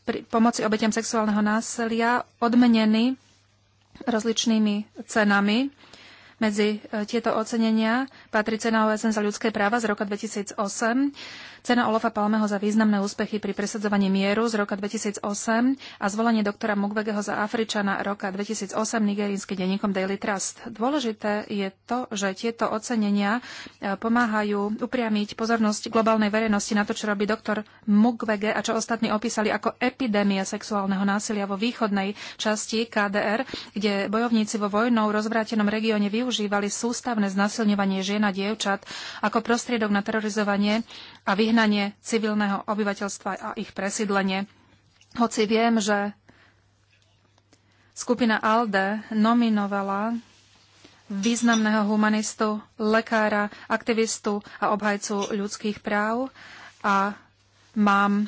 pri pomoci obetiam sexuálneho násilia odmenený rozličnými cenami medzi e, tieto ocenenia patrí cena OSN za ľudské práva z roka 2008, cena Olofa Palmeho za významné úspechy pri presadzovaní mieru z roka 2008 a zvolenie doktora Mukwegeho za Afričana roka 2008 nigerínsky denníkom Daily Trust. Dôležité je to, že tieto ocenenia e, pomáhajú upriamiť pozornosť globálnej verejnosti na to, čo robí doktor Mukwege a čo ostatní opísali ako epidémia sexuálneho násilia vo východnej časti KDR, kde bojovníci vo vojnou rozvrátenom regióne využívali sústavné znasilňovanie žien žien a dievčat ako prostriedok na terorizovanie a vyhnanie civilného obyvateľstva a ich presídlenie. Hoci viem, že skupina ALDE nominovala významného humanistu, lekára, aktivistu a obhajcu ľudských práv a mám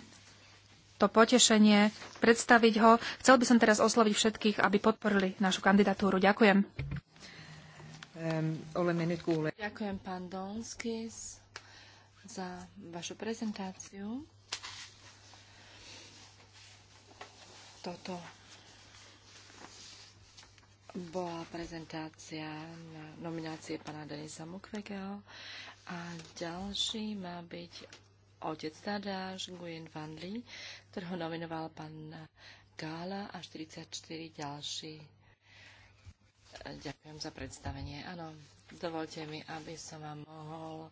to potešenie predstaviť ho. Chcel by som teraz osloviť všetkých, aby podporili našu kandidatúru. Ďakujem. Ehm, Ďakujem pán Donskis za vašu prezentáciu. Toto bola prezentácia na nominácie pána Denisa Mukwegeho a ďalší má byť otec Tadáš Nguyen Van Lee, ktorého nominoval pán Gála a 44 ďalší Ďakujem za predstavenie. Áno, dovolte mi, aby som vám mohol e,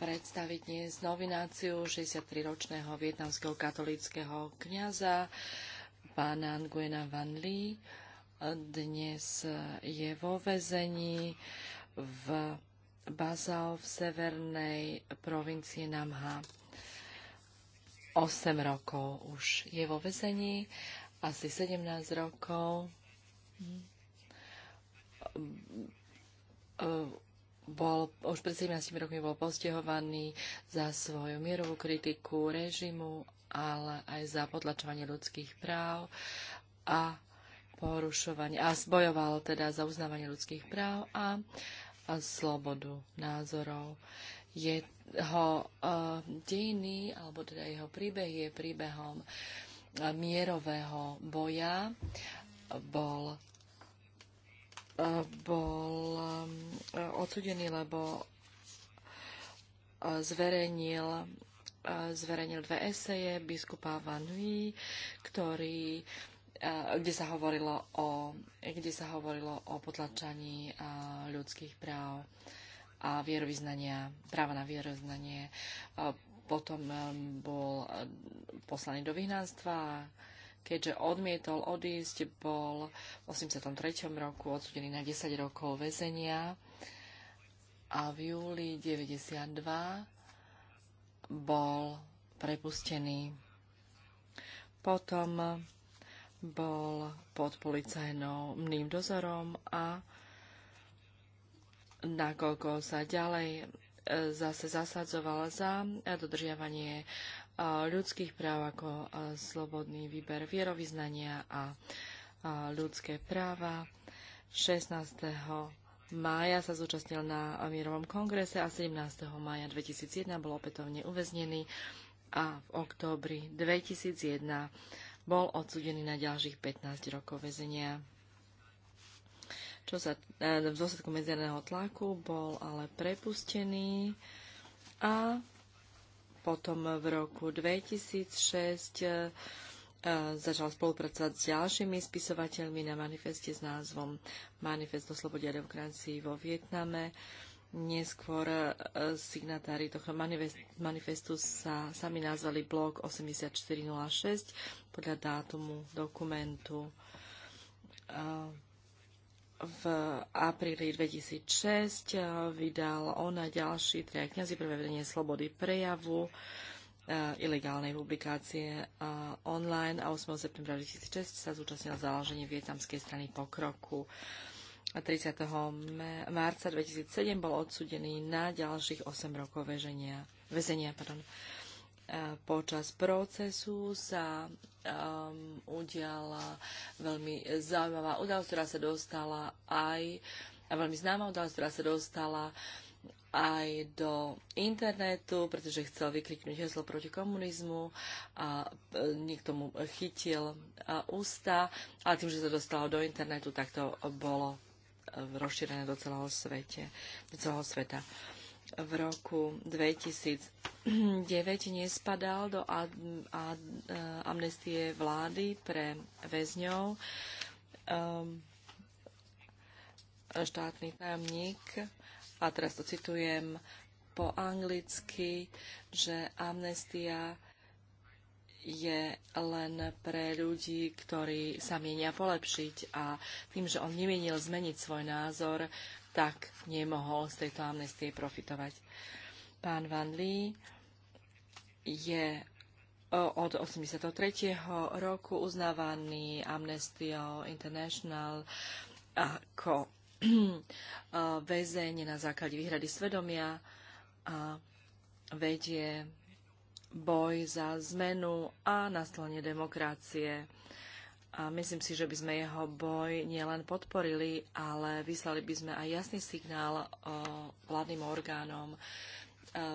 predstaviť dnes novináciu 63-ročného vietnamského katolického kniaza pána Nguyen Van Lee. Dnes je vo vezení v Bazao v severnej provincii Namha. 8 rokov už je vo vezení, asi 17 rokov. Hm. E, bol, už pred 17 rokmi bol postihovaný za svoju mierovú kritiku režimu, ale aj za potlačovanie ľudských práv a porušovanie a bojoval teda za uznávanie ľudských práv a, a slobodu názorov. Jeho uh, dejiny, alebo teda jeho príbeh je príbehom e, mierového boja. Bol bol eh, odsudený, lebo eh, zverejnil, eh, zverejnil dve eseje biskupa Van Huy, ktorý kde sa hovorilo o, kde sa hovorilo o potlačaní ľudských práv a vierovýznania, práva na vierovýznanie. Potom bol poslaný do vyhnanstva, keďže odmietol odísť, bol v 83. roku odsudený na 10 rokov väzenia a v júli 92 bol prepustený. Potom bol pod policajným dozorom a nakoľko sa ďalej e, zase zasadzovala za dodržiavanie ľudských práv ako slobodný výber vierovýznania a ľudské práva. 16 mája sa zúčastnil na mierovom kongrese a 17. mája 2001 bol opätovne uväznený a v októbri 2001 bol odsudený na ďalších 15 rokov väzenia. Čo sa, e, v dôsledku medzerného tlaku bol ale prepustený a potom v roku 2006 e, e, začal spolupracovať s ďalšími spisovateľmi na manifeste s názvom Manifest o slobode a demokracii vo Vietname. Neskôr e, signatári tohto manifestu sa sami nazvali blok 8406 podľa dátumu dokumentu v apríli 2006 eh, vydal a ďalší tria kniazy pre vedenie slobody prejavu eh, ilegálnej publikácie eh, online a 8. septembra 2006 sa zúčastnil založenie vietnamskej strany pokroku. 30. marca 2007 bol odsudený na ďalších 8 rokov väzenia. Počas procesu sa um, udiala veľmi zaujímavá udalosť, ktorá sa dostala aj, a veľmi známa udalosť, ktorá sa dostala aj do internetu, pretože chcel vykriknúť heslo proti komunizmu a e, niekto mu chytil e, ústa, ale tým, že sa dostalo do internetu, tak to bolo e, rozšírené do celého, svete, do celého sveta v roku 2009 nespadal do eh, amnestie vlády pre väzňov. Ehm, štátny tajomník, a teraz to citujem po anglicky, že amnestia je len pre ľudí, ktorí sa mienia polepšiť a tým, že on nemienil zmeniť svoj názor, tak nemohol z tejto amnestie profitovať. Pán Van Lee je od 83. roku uznávaný Amnestio International ako eh, väzeň na základe výhrady svedomia a vedie boj za zmenu a nastolenie demokracie a myslím si, že by sme jeho boj nielen podporili, ale vyslali by sme aj jasný signál vládnym orgánom e,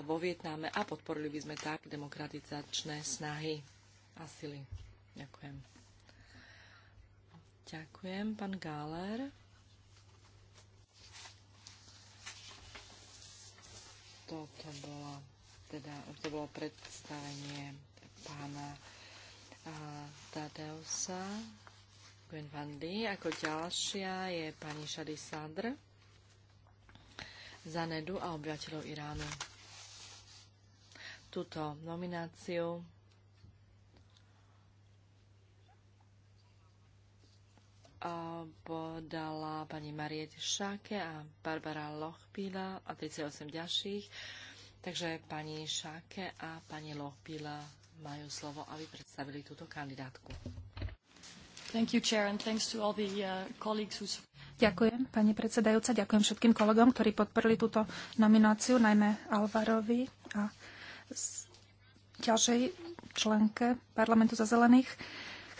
vo Vietname a podporili by sme tak demokratizačné snahy a sily. Ďakujem. Ďakujem, pán Gáler. Toto bolo, teda, to bolo predstavenie pána Tadeusa Gwen Ako ďalšia je pani Shadi Sadr za Nedu a obyvateľov Iránu. Tuto nomináciu podala pani Mariette Šáke a Barbara Lochpila a 38 ďalších. Takže pani Šáke a pani Lochpila majú slovo, aby predstavili túto kandidátku. You, Chair, the, uh, ďakujem, pani predsedajúca, ďakujem všetkým kolegom, ktorí podporili túto nomináciu, najmä Alvarovi a ďalšej členke parlamentu za zelených.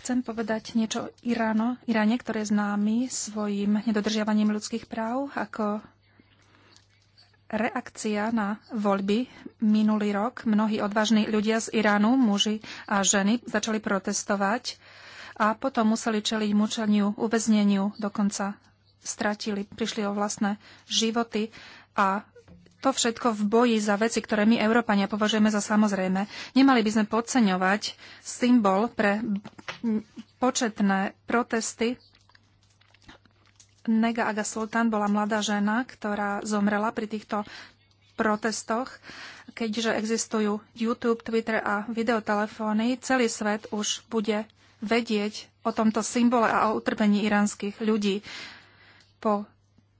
Chcem povedať niečo o Iráne, ktoré je známy svojim nedodržiavaním ľudských práv, ako reakcia na voľby minulý rok. Mnohí odvážni ľudia z Iránu, muži a ženy, začali protestovať a potom museli čeliť mučeniu, uväzneniu, dokonca stratili, prišli o vlastné životy a to všetko v boji za veci, ktoré my, Európania, považujeme za samozrejme. Nemali by sme podceňovať symbol pre početné protesty Nega Aga Sultan bola mladá žena, ktorá zomrela pri týchto protestoch. Keďže existujú YouTube, Twitter a videotelefóny, celý svet už bude vedieť o tomto symbole a o utrpení iránskych ľudí. Po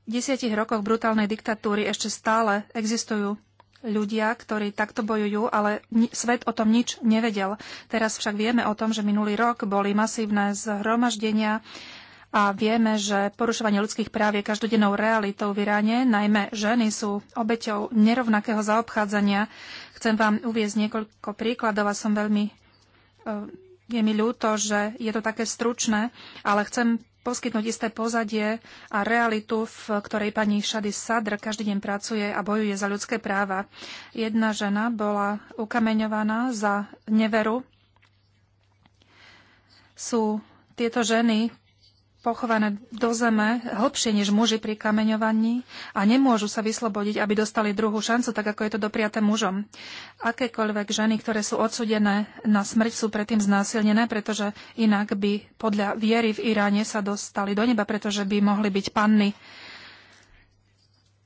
desiatich rokoch brutálnej diktatúry ešte stále existujú ľudia, ktorí takto bojujú, ale svet o tom nič nevedel. Teraz však vieme o tom, že minulý rok boli masívne zhromaždenia a vieme, že porušovanie ľudských práv je každodennou realitou v Iráne, najmä ženy sú obeťou nerovnakého zaobchádzania. Chcem vám uviezť niekoľko príkladov a som veľmi... Eh, je mi ľúto, že je to také stručné, ale chcem poskytnúť isté pozadie a realitu, v ktorej pani Šady Sadr každý deň pracuje a bojuje za ľudské práva. Jedna žena bola ukameňovaná za neveru. Sú tieto ženy pochované do zeme hlbšie než muži pri kameňovaní a nemôžu sa vyslobodiť, aby dostali druhú šancu, tak ako je to dopriaté mužom. Akékoľvek ženy, ktoré sú odsudené na smrť, sú predtým znásilnené, pretože inak by podľa viery v Iráne sa dostali do neba, pretože by mohli byť panny.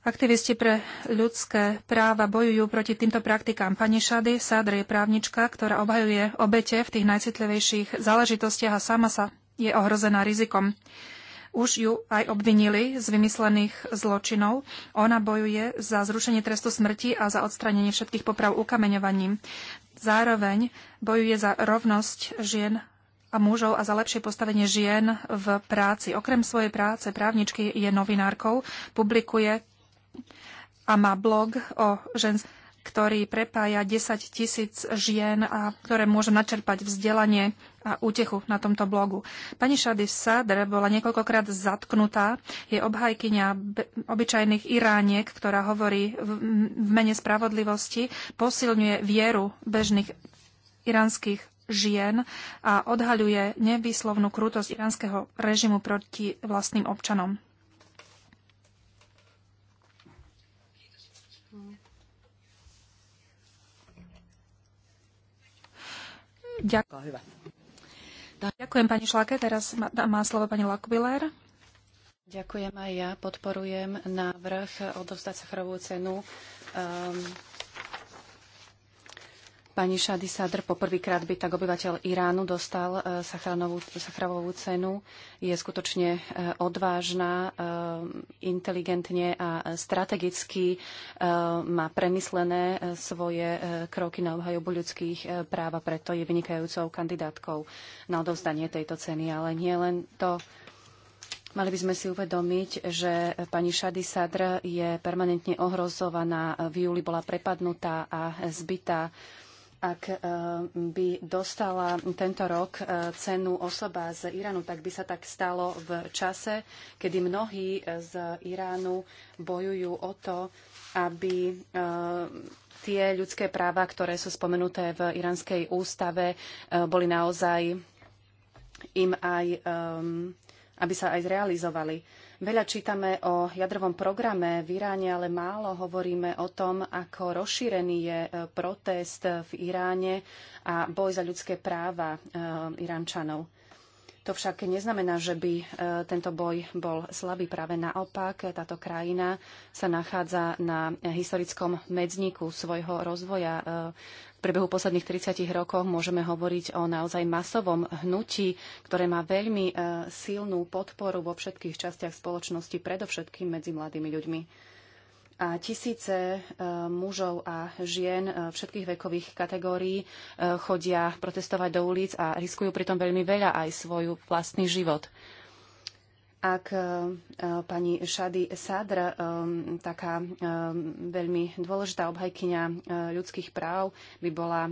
Aktivisti pre ľudské práva bojujú proti týmto praktikám. Pani Šady Sádr je právnička, ktorá obhajuje obete v tých najcitlivejších záležitostiach a sama sa je ohrozená rizikom. Už ju aj obvinili z vymyslených zločinov. Ona bojuje za zrušenie trestu smrti a za odstranenie všetkých poprav ukameňovaním. Zároveň bojuje za rovnosť žien a mužov a za lepšie postavenie žien v práci. Okrem svojej práce právničky je novinárkou, publikuje a má blog o ženských ktorý prepája 10 tisíc žien a ktoré môžu načerpať vzdelanie a útechu na tomto blogu. Pani Shady Sadr bola niekoľkokrát zatknutá. Je obhajkyňa obyčajných Irániek, ktorá hovorí v mene spravodlivosti, posilňuje vieru bežných iránskych žien a odhaľuje nevýslovnú krutosť iránskeho režimu proti vlastným občanom. Ďakujem. Ďakujem pani Šlake. Teraz má, má slovo pani Ďakujem aj ja. Podporujem návrh odovzdať Sacharovú cenu um, Pani Šady Sadr, poprvýkrát by tak obyvateľ Iránu dostal e, Sachranovú cenu. Je skutočne e, odvážna, e, inteligentne a strategicky má premyslené svoje kroky na obhajobu ľudských práv a preto je vynikajúcou kandidátkou na odovzdanie tejto ceny. Ale nie len to, Mali by sme si uvedomiť, že pani Šady Sadr je permanentne ohrozovaná. V júli bola prepadnutá a zbytá. Ak eh, by dostala tento rok eh, cenu osoba z Iránu, tak by sa tak stalo v čase, kedy mnohí eh, z Iránu bojujú o to, aby tie ľudské práva, ktoré sú spomenuté v iránskej ústave, boli naozaj im aj, aby sa aj zrealizovali. Veľa čítame o jadrovom programe v Iráne, ale málo hovoríme o tom, ako rozšírený je e, protest v Iráne a boj za ľudské práva e, Iránčanov. To však neznamená, že by e, tento boj bol slabý. Práve naopak, táto krajina sa nachádza na historickom medzníku svojho rozvoja priebehu posledných 30 rokov môžeme hovoriť o naozaj masovom hnutí, ktoré má veľmi e, silnú podporu vo všetkých častiach spoločnosti, predovšetkým medzi mladými ľuďmi. A tisíce e, mužov a žien e, všetkých vekových kategórií chodia protestovať do ulic a riskujú pritom veľmi veľa aj svoj vlastný život ak e, e, pani Šady Sadr, e, taká veľmi dôležitá obhajkyňa ľudských práv, by bola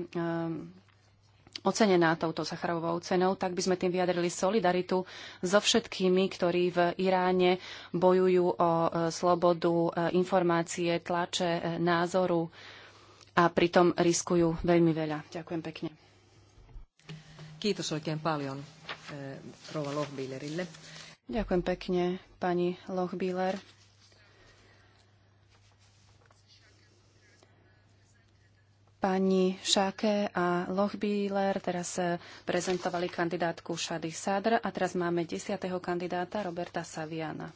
ocenená touto Sacharovou cenou, tak by sme tým vyjadrili solidaritu so všetkými, ktorí v Iráne bojujú o slobodu informácie, tlače, názoru a pritom riskujú veľmi veľa. Ďakujem pekne. Kýtos oikein paljon Lohbillerille. Ďakujem pekne, pani Lochbíler. Pani Šáke a Lochbíler teraz eh, prezentovali kandidátku Šady Sadr a teraz máme desiatého kandidáta Roberta Saviana.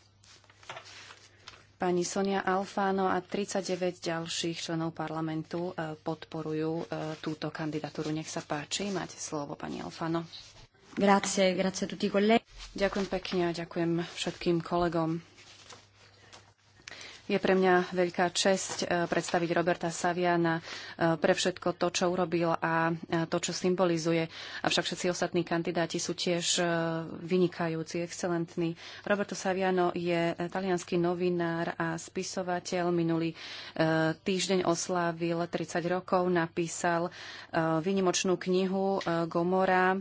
Pani Sonia Alfáno a 39 ďalších členov parlamentu eh, podporujú eh, túto kandidatúru. Nech sa páči, máte slovo, pani Alfáno. Grazie, grazie tutti colleghi. Ďakujem pekne a ďakujem všetkým kolegom. Je pre mňa veľká česť eh, predstaviť Roberta Saviana eh, pre všetko to, čo urobil a eh, to, čo symbolizuje. Avšak všetci ostatní kandidáti sú tiež vynikajúci, excelentní. Roberto Saviano je talianský novinár a spisovateľ. Minulý týždeň oslávil 30 rokov, napísal vynimočnú knihu Gomora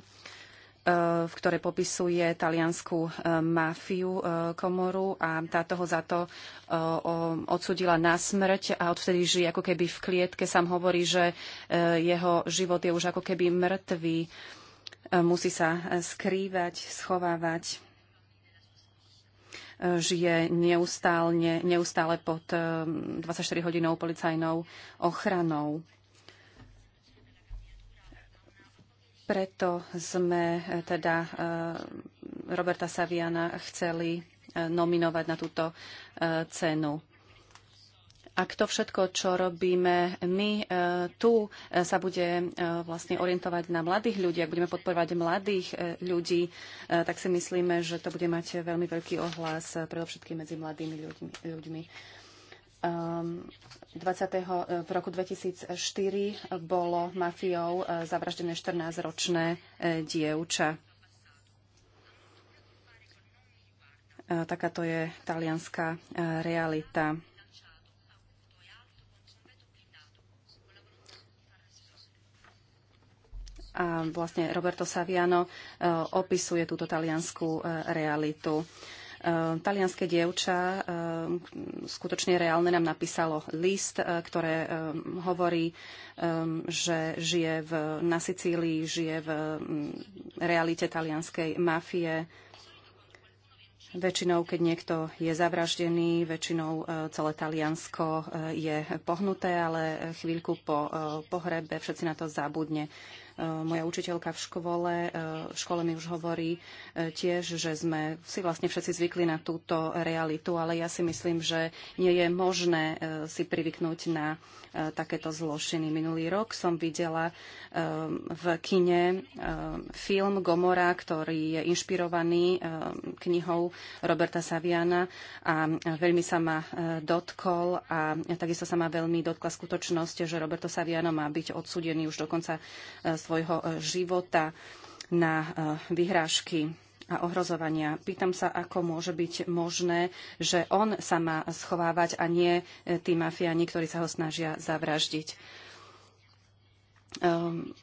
Eh, v ktorej popisuje talianskú eh, mafiu eh, komoru a táto ho za to odsudila na smrť a odvtedy žije ako keby v klietke. Sám hovorí, že jeho život je už ako keby mŕtvý. Musí sa skrývať, schovávať. Žije neustále, neustále pod 24 hodinou policajnou ochranou. Preto sme e, teda e, Roberta Saviana chceli e, nominovať na túto cenu. Ak to všetko, čo robíme my tu, sa bude vlastne orientovať na mladých ľudí, ak budeme podporovať mladých ľudí, tak si myslíme, že to bude mať veľmi veľký ohlas predovšetkým medzi mladými ľuďmi. 20. Ehm, e, v roku 2004 bolo mafiou e, zavraždené 14-ročné e, dievča. Takáto je talianská realita. A vlastne Roberto Saviano opisuje túto talianskú realitu. Ehm, Talianské dievča, ehm, skutočne reálne, nám napísalo list, eh, ktoré ehm, hovorí, že žije v, na Sicílii, žije v mm, realite talianskej mafie. Väčšinou, keď niekto je zavraždený, väčšinou eh, celé Taliansko eh, je pohnuté, ale chvíľku po pohrebe všetci na to zabudne Eh, moja učiteľka v škole, eh, v škole mi už hovorí eh, tiež, že sme si vlastne všetci zvykli na túto realitu, ale ja si myslím, že nie je možné si privyknúť na takéto zlošiny. Minulý rok som videla v kine film Gomora, ktorý je inšpirovaný knihou Roberta Saviana a veľmi sa ma dotkol a takisto sa ma veľmi dotkla skutočnosť, že Roberto Saviano má byť odsudený už dokonca svojho e, života na e, vyhrážky a ohrozovania. Pýtam sa, ako môže byť možné, že on sa má schovávať a nie e, tí mafiáni, ktorí sa ho snažia zavraždiť. Um,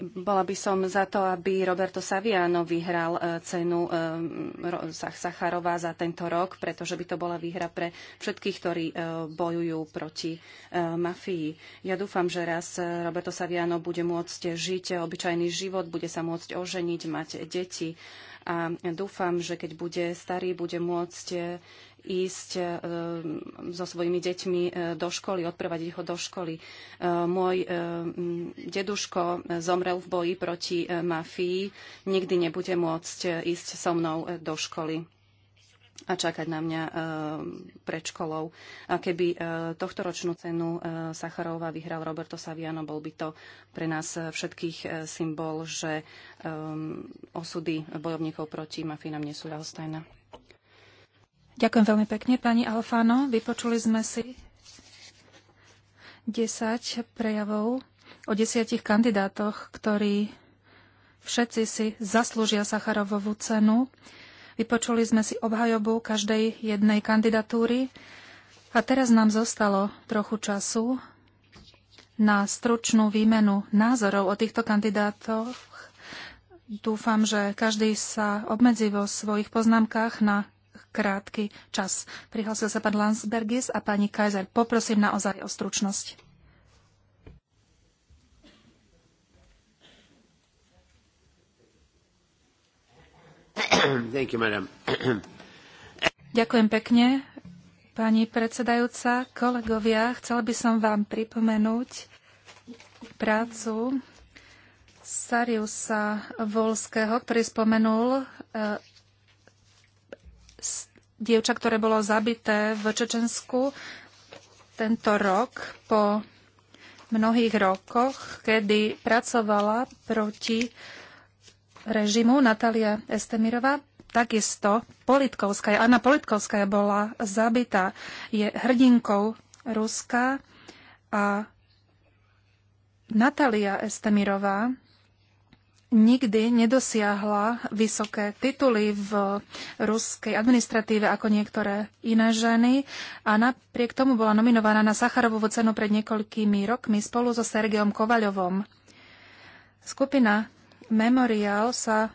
bola by som za to, aby Roberto Saviano vyhral e, cenu e, Sacharova za tento rok, pretože by to bola výhra pre všetkých, ktorí e, bojujú proti mafii. Ja dúfam, že raz Roberto Saviano bude môcť žiť obyčajný život, bude sa môcť oženiť, mať deti a dúfam, že keď bude starý, bude môcť e, ísť e, so svojimi deťmi e, do školy, odprevadiť ho do školy. Môj deduško zomrel v boji proti mafii, nikdy nebude môcť ísť so mnou do školy a čakať na mňa eh, pred školou. A keby eh, tohto ročnú cenu eh, Sacharova vyhral Roberto Saviano, bol by to pre nás všetkých symbol, že osudy bojovníkov proti mafii nie sú ľahostajné. Ďakujem veľmi pekne, pani Alfano. Vypočuli sme si 10 prejavov o desiatich kandidátoch, ktorí všetci si zaslúžia Sacharovovú cenu. Vypočuli sme si obhajobu každej jednej kandidatúry a teraz nám zostalo trochu času na stručnú výmenu názorov o týchto kandidátoch. Dúfam, že každý sa obmedzí vo svojich poznámkach na krátky čas. Prihlásil sa pán Landsbergis a pani Kaiser. Poprosím naozaj o stručnosť. Ďakujem pekne, pani predsedajúca. Kolegovia, chcela by som vám pripomenúť prácu Sariusa Volského, ktorý spomenul e, dievča, ktoré bolo zabité v Čečensku tento rok po mnohých rokoch, kedy pracovala proti režimu Natalia Estemirová, takisto Politkovská. Anna Politkovská bola zabitá. Je hrdinkou Ruska a Natalia Estemirová nikdy nedosiahla vysoké tituly v ruskej administratíve ako niektoré iné ženy a napriek tomu bola nominovaná na Sacharovú cenu pred niekoľkými rokmi spolu so Sergejom Kovaľovom. Skupina memoriál sa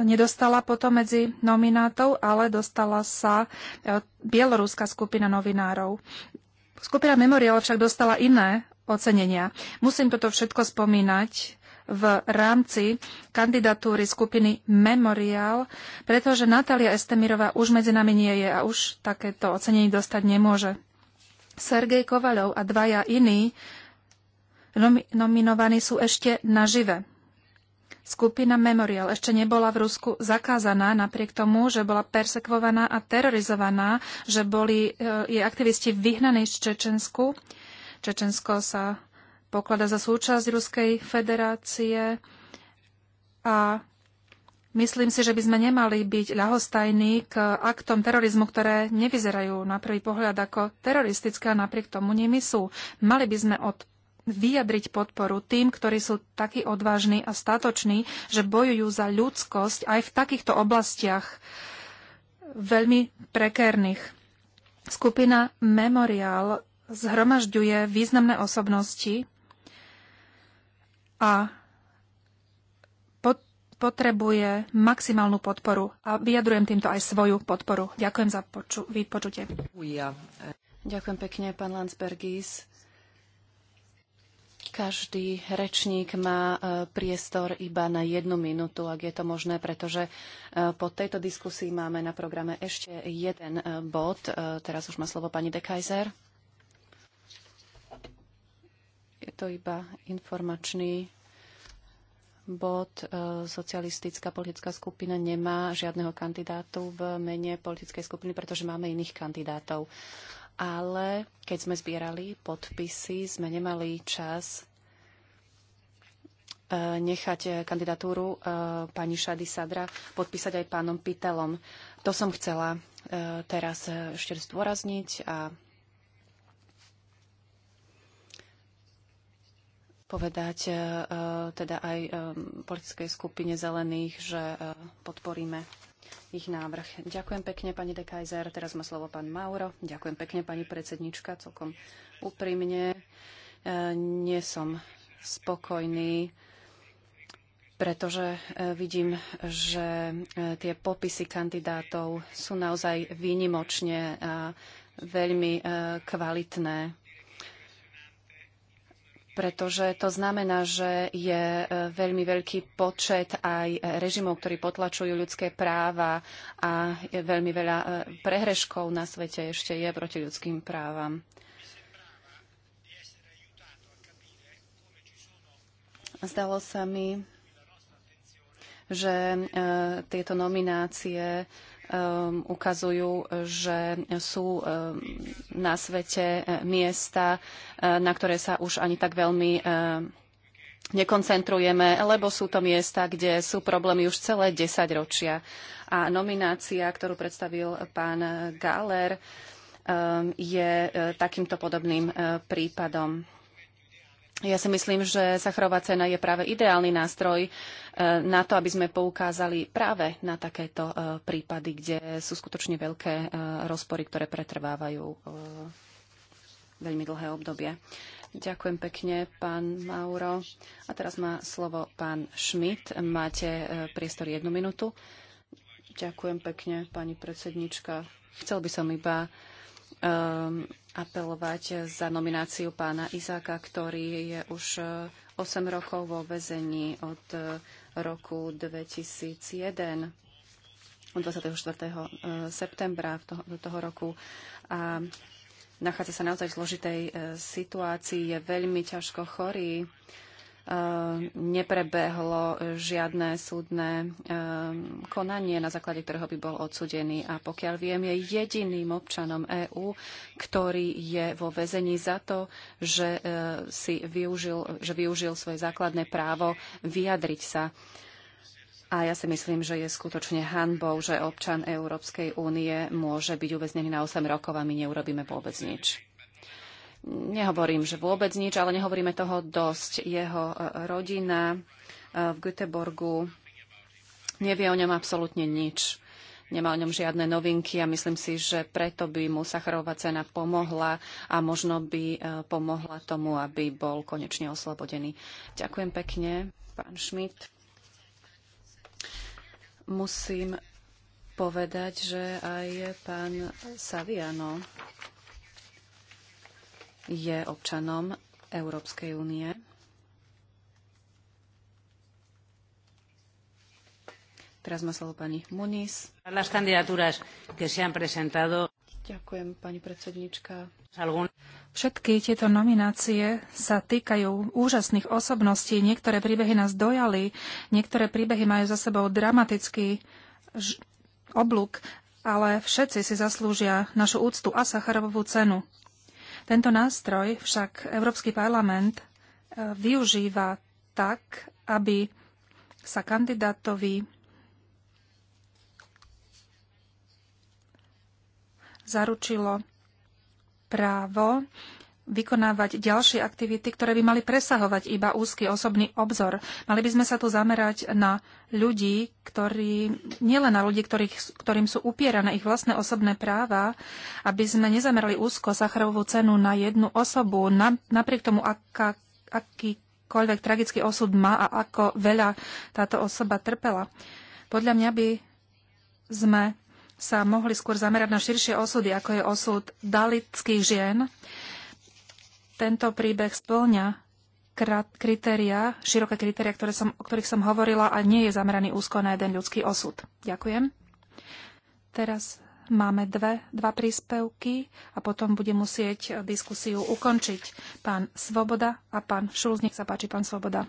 nedostala potom medzi nominátov, ale dostala sa e, bieloruská skupina novinárov. Skupina Memorial však dostala iné ocenenia. Musím toto všetko spomínať v rámci kandidatúry skupiny Memorial, pretože Natália Estemirová už medzi nami nie je a už takéto ocenenie dostať nemôže. Sergej Kovaľov a dvaja iní nominovaní sú ešte nažive. Skupina Memorial ešte nebola v Rusku zakázaná, napriek tomu, že bola persekvovaná a terorizovaná, že boli e, jej aktivisti vyhnaní z Čečensku. Čečensko sa poklada za súčasť Ruskej federácie a myslím si, že by sme nemali byť ľahostajní k aktom terorizmu, ktoré nevyzerajú na prvý pohľad ako teroristické a napriek tomu nimi sú. Mali by sme od vyjadriť podporu tým, ktorí sú takí odvážni a statoční, že bojujú za ľudskosť aj v takýchto oblastiach veľmi prekérnych. Skupina Memorial zhromažďuje významné osobnosti a potrebuje maximálnu podporu a vyjadrujem týmto aj svoju podporu. Ďakujem za poču- vypočutie. Uh, uh, Ďakujem pekne, pán Landsbergis. Každý rečník má e, priestor iba na jednu minútu, ak je to možné, pretože e, po tejto diskusii máme na programe ešte jeden e, bod. Teraz už má slovo pani De Kaiser. Je to iba informačný bod. Socialistická politická skupina nemá žiadneho kandidátu v mene politickej skupiny, pretože máme iných kandidátov ale keď sme zbierali podpisy, sme nemali čas e, nechať kandidatúru e, pani Šady Sadra podpísať aj pánom Pitelom. To som chcela e, teraz ešte zdôrazniť a povedať teda aj politickej skupine zelených, že podporíme ich návrh. Ďakujem pekne, pani Dekajzer. Teraz má slovo pán Mauro. Ďakujem pekne, pani predsednička. Celkom úprimne e, nie som spokojný, pretože e, vidím, že e, tie popisy kandidátov sú naozaj výnimočne a veľmi kvalitné pretože to znamená, že je e, veľmi veľký počet aj e, režimov, ktorí potlačujú ľudské práva a je veľmi veľa e, prehreškov na svete ešte je proti ľudským právam. Zdalo sa mi, že tieto nominácie um, ukazujú, že sú um, na svete eh, miesta, eh, na ktoré sa už ani tak veľmi um, nekoncentrujeme, lebo sú to miesta, kde sú problémy už celé desaťročia. A nominácia, ktorú predstavil pán Galer, je takýmto podobným prípadom. Ja si myslím, že Sacharová cena je práve ideálny nástroj e, na to, aby sme poukázali práve na takéto e, prípady, kde sú skutočne veľké e, rozpory, ktoré pretrvávajú veľmi dlhé obdobie. Ďakujem pekne, pán Mauro. A teraz má slovo pán Schmidt. Máte priestor jednu minútu. Ďakujem pekne, pani predsednička. Chcel by som iba um, apelovať za nomináciu pána Izáka, ktorý je už 8 e, rokov vo vezení od e, roku 2001 od 24. E, septembra toho, toho roku a nachádza sa naozaj v zložitej situácii, je veľmi ťažko chorý neprebehlo žiadne súdne ehm, konanie, na základe ktorého by bol odsudený. A pokiaľ viem, je jediným občanom EÚ, ktorý je vo vezení za to, že, eh, si využil, že využil svoje základné právo vyjadriť sa. A ja si myslím, že je skutočne hanbou, že občan Európskej únie môže byť uväznený na 8 rokov a my neurobíme vôbec nič. Nehovorím, že vôbec nič, ale nehovoríme toho dosť. Jeho e, rodina e, v Göteborgu nevie o ňom absolútne nič. Nemá o ňom žiadne novinky a myslím si, že preto by mu Sacharová cena pomohla a možno by e, pomohla tomu, aby bol konečne oslobodený. Ďakujem pekne, pán Šmit. Musím povedať, že aj pán Saviano je občanom Európskej únie. Teraz má slovo pani Muniz. Las candidaturas que se han presentado. Ďakujem, pani predsednička. Všetky tieto nominácie sa týkajú úžasných osobností. Niektoré príbehy nás dojali, niektoré príbehy majú za sebou dramatický oblúk, ale všetci si zaslúžia našu úctu a Sacharovú cenu. Tento nástroj však Európsky parlament e, využíva tak, aby sa kandidátovi zaručilo právo vykonávať ďalšie aktivity, ktoré by mali presahovať iba úzky osobný obzor. Mali by sme sa tu zamerať na ľudí, ktorí, nielen na ľudí, ktorých, ktorým sú upierané ich vlastné osobné práva, aby sme nezamerali úzko Sacharovú cenu na jednu osobu, na, napriek tomu, aká, akýkoľvek tragický osud má a ako veľa táto osoba trpela. Podľa mňa by sme sa mohli skôr zamerať na širšie osudy, ako je osud dalických žien, tento príbeh splňa kritéria, široké kritéria, ktoré som, o ktorých som hovorila a nie je zameraný úzko na jeden ľudský osud. Ďakujem. Teraz máme dve, dva príspevky a potom bude musieť diskusiu ukončiť pán Svoboda a pán Šulz. Nech sa páči, pán Svoboda.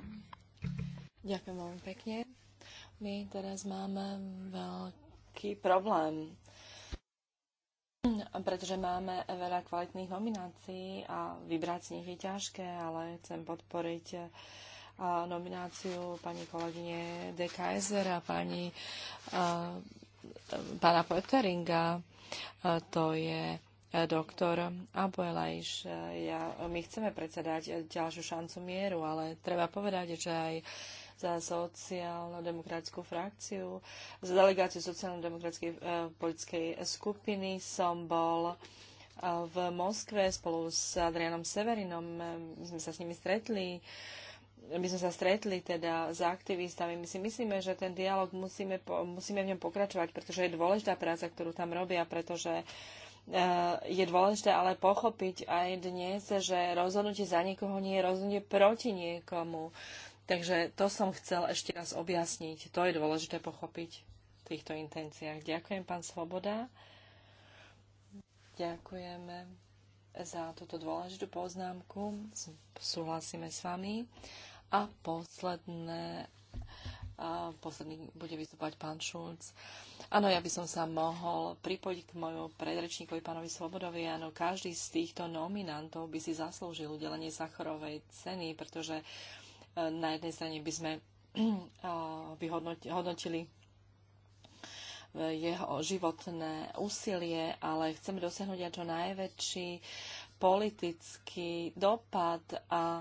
Ďakujem veľmi pekne. My teraz máme veľký problém pretože máme veľa kvalitných nominácií a vybrať z nich je ťažké, ale chcem podporiť e, nomináciu pani kolegyne De Kaiser a pani e, pána Poetteringa. E, to je doktor Abuelajš. Ja, my chceme predsedať ďalšiu šancu mieru, ale treba povedať, že aj za sociálno-demokratickú frakciu. Za delegáciu sociálno-demokratickej eh, politickej skupiny som bol eh, v Moskve spolu s Adrianom Severinom. My sme sa s nimi stretli. My sme sa stretli teda s aktivistami. My si myslíme, že ten dialog musíme, musíme v ňom pokračovať, pretože je dôležitá práca, ktorú tam robia, pretože eh, je dôležité ale pochopiť aj dnes, že rozhodnutie za niekoho nie je rozhodnutie proti niekomu. Takže to som chcel ešte raz objasniť. To je dôležité pochopiť v týchto intenciách. Ďakujem, pán Svoboda. Ďakujeme za túto dôležitú poznámku. Súhlasíme s vami. A posledné a posledný bude vystúpať pán Šulc. Áno, ja by som sa mohol pripojiť k mojom predrečníkovi pánovi Svobodovi. Áno, každý z týchto nominantov by si zaslúžil udelenie Sachorovej ceny, pretože uh, na jednej strane by sme vyhodnotili e, jeho životné úsilie, ale chceme dosiahnuť aj čo najväčší politický dopad a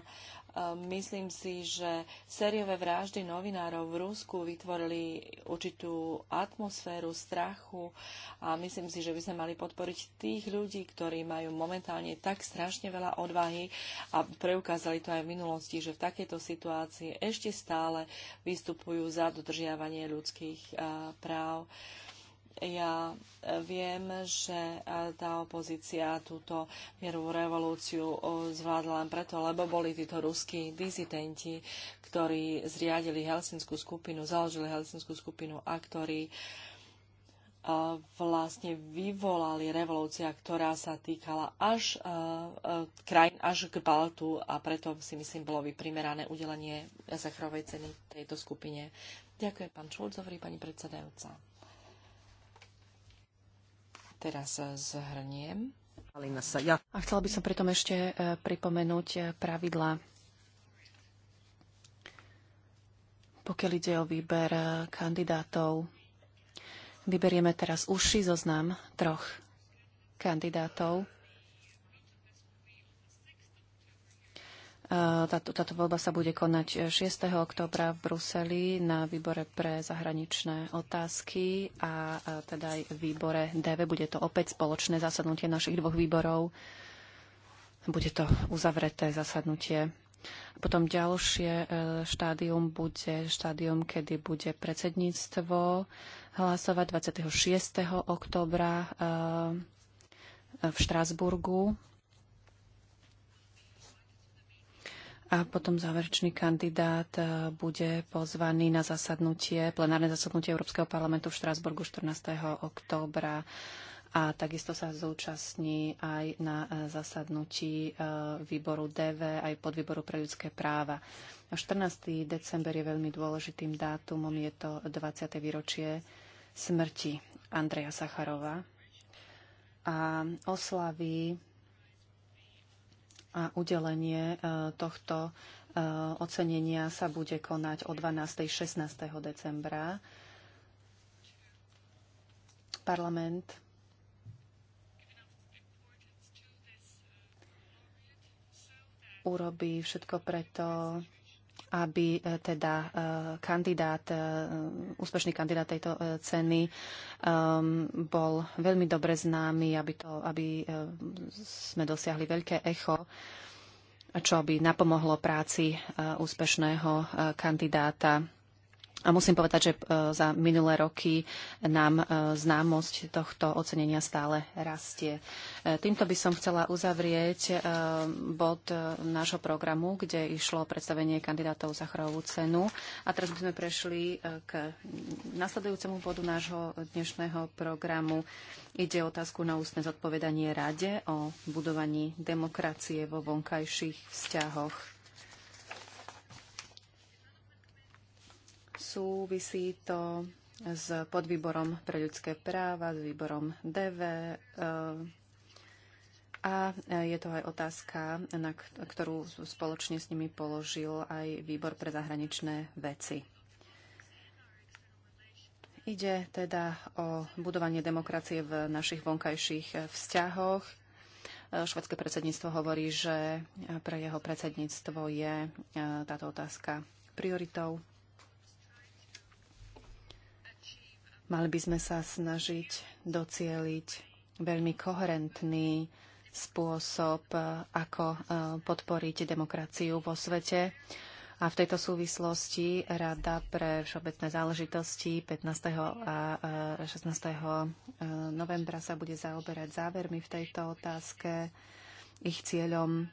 Myslím si, že sériové vraždy novinárov v Rusku vytvorili určitú atmosféru strachu a myslím si, že by sme mali podporiť tých ľudí, ktorí majú momentálne tak strašne veľa odvahy a preukázali to aj v minulosti, že v takejto situácii ešte stále vystupujú za dodržiavanie ľudských práv. Ja e, viem, že e, tá opozícia túto mierovú revolúciu e, zvládla len preto, lebo boli títo ruskí dizidenti, ktorí zriadili helsinskú skupinu, založili helsinskú skupinu a ktorí vlastne vyvolali revolúcia, ktorá sa týkala až krajín, až k Baltu a preto si myslím, bolo by primerané udelenie zachrovej ceny tejto skupine. Ďakujem, pán Šulc, pani predsedajúca. Teraz eh, zhrniem. A chcela by som pritom ešte eh, pripomenúť eh, pravidla, pokiaľ ide o výber kandidátov. Vyberieme teraz užší zoznam troch kandidátov Táto, táto voľba sa bude konať 6. oktobra v Bruseli na výbore pre zahraničné otázky a teda aj výbore DV. Bude to opäť spoločné zasadnutie našich dvoch výborov. Bude to uzavreté zasadnutie. Potom ďalšie e, štádium bude štádium, kedy bude predsedníctvo hlasovať 26. oktobra e, v Štrásburgu a potom záverečný kandidát e, bude pozvaný na zasadnutie, plenárne zasadnutie Európskeho parlamentu v Štrásburgu 14. októbra a takisto sa zúčastní aj na e, zasadnutí e, výboru DV, aj podvýboru pre ľudské práva. 14. december je veľmi dôležitým dátumom, je to 20. výročie smrti Andreja Sacharova a oslavy a udelenie e, tohto e, ocenenia sa bude konať o 12. 16. decembra. Parlament urobí všetko preto, aby e, teda e, kandidát, e, úspešný kandidát tejto ceny bol veľmi dobre známy, aby, to, aby sme dosiahli veľké echo čo by napomohlo práci úspešného kandidáta a musím povedať, že e, za minulé roky nám e, známosť tohto ocenenia stále rastie. E, týmto by som chcela uzavrieť bod nášho programu, kde išlo predstavenie kandidátov za chrovú cenu. A teraz by sme prešli k nasledujúcemu bodu nášho dnešného programu. Ide o otázku na ústne zodpovedanie Rade o budovaní demokracie vo vonkajších vzťahoch. Súvisí to s podvýborom pre ľudské práva, s výborom DV. E, a je to aj otázka, na ktorú spoločne s nimi položil aj výbor pre zahraničné veci. Ide teda o budovanie demokracie v našich vonkajších vzťahoch. E, švedské predsedníctvo hovorí, že pre jeho predsedníctvo je e, táto otázka prioritou. Mali by sme sa snažiť docieliť veľmi koherentný spôsob, e, ako e, podporiť demokraciu vo svete. A v tejto súvislosti Rada pre všeobecné záležitosti 15. a 16. E, novembra sa bude zaoberať závermi v tejto otázke. Ich cieľom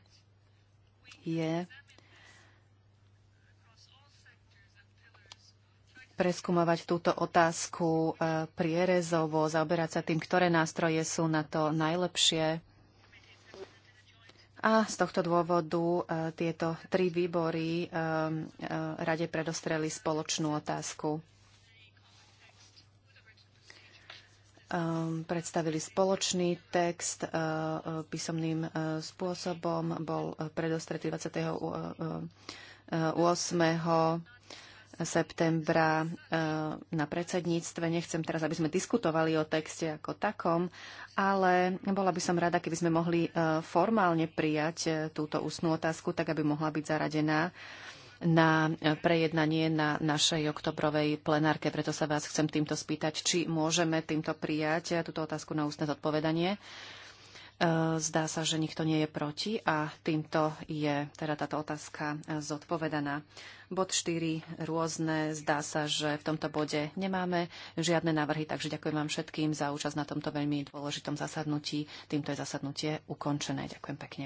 je preskúmovať túto otázku e, prierezovo, zaoberať sa tým, ktoré nástroje sú na to najlepšie. A z tohto dôvodu e, tieto tri výbory e, rade predostreli spoločnú otázku. predstavili spoločný text písomným spôsobom, bol predostretý 28 septembra e, na predsedníctve. Nechcem teraz, aby sme diskutovali o texte ako takom, ale bola by som rada, keby sme mohli e, formálne prijať e, túto ústnú otázku, tak aby mohla byť zaradená na prejednanie na našej oktobrovej plenárke. Preto sa vás chcem týmto spýtať, či môžeme týmto prijať túto otázku na ústne zodpovedanie. E, zdá sa, že nikto nie je proti a týmto je teda táto otázka e, zodpovedaná. Bod 4 rôzne. Zdá sa, že v tomto bode nemáme žiadne návrhy, takže ďakujem vám všetkým za účasť na tomto veľmi dôležitom zasadnutí. Týmto je zasadnutie ukončené. Ďakujem pekne.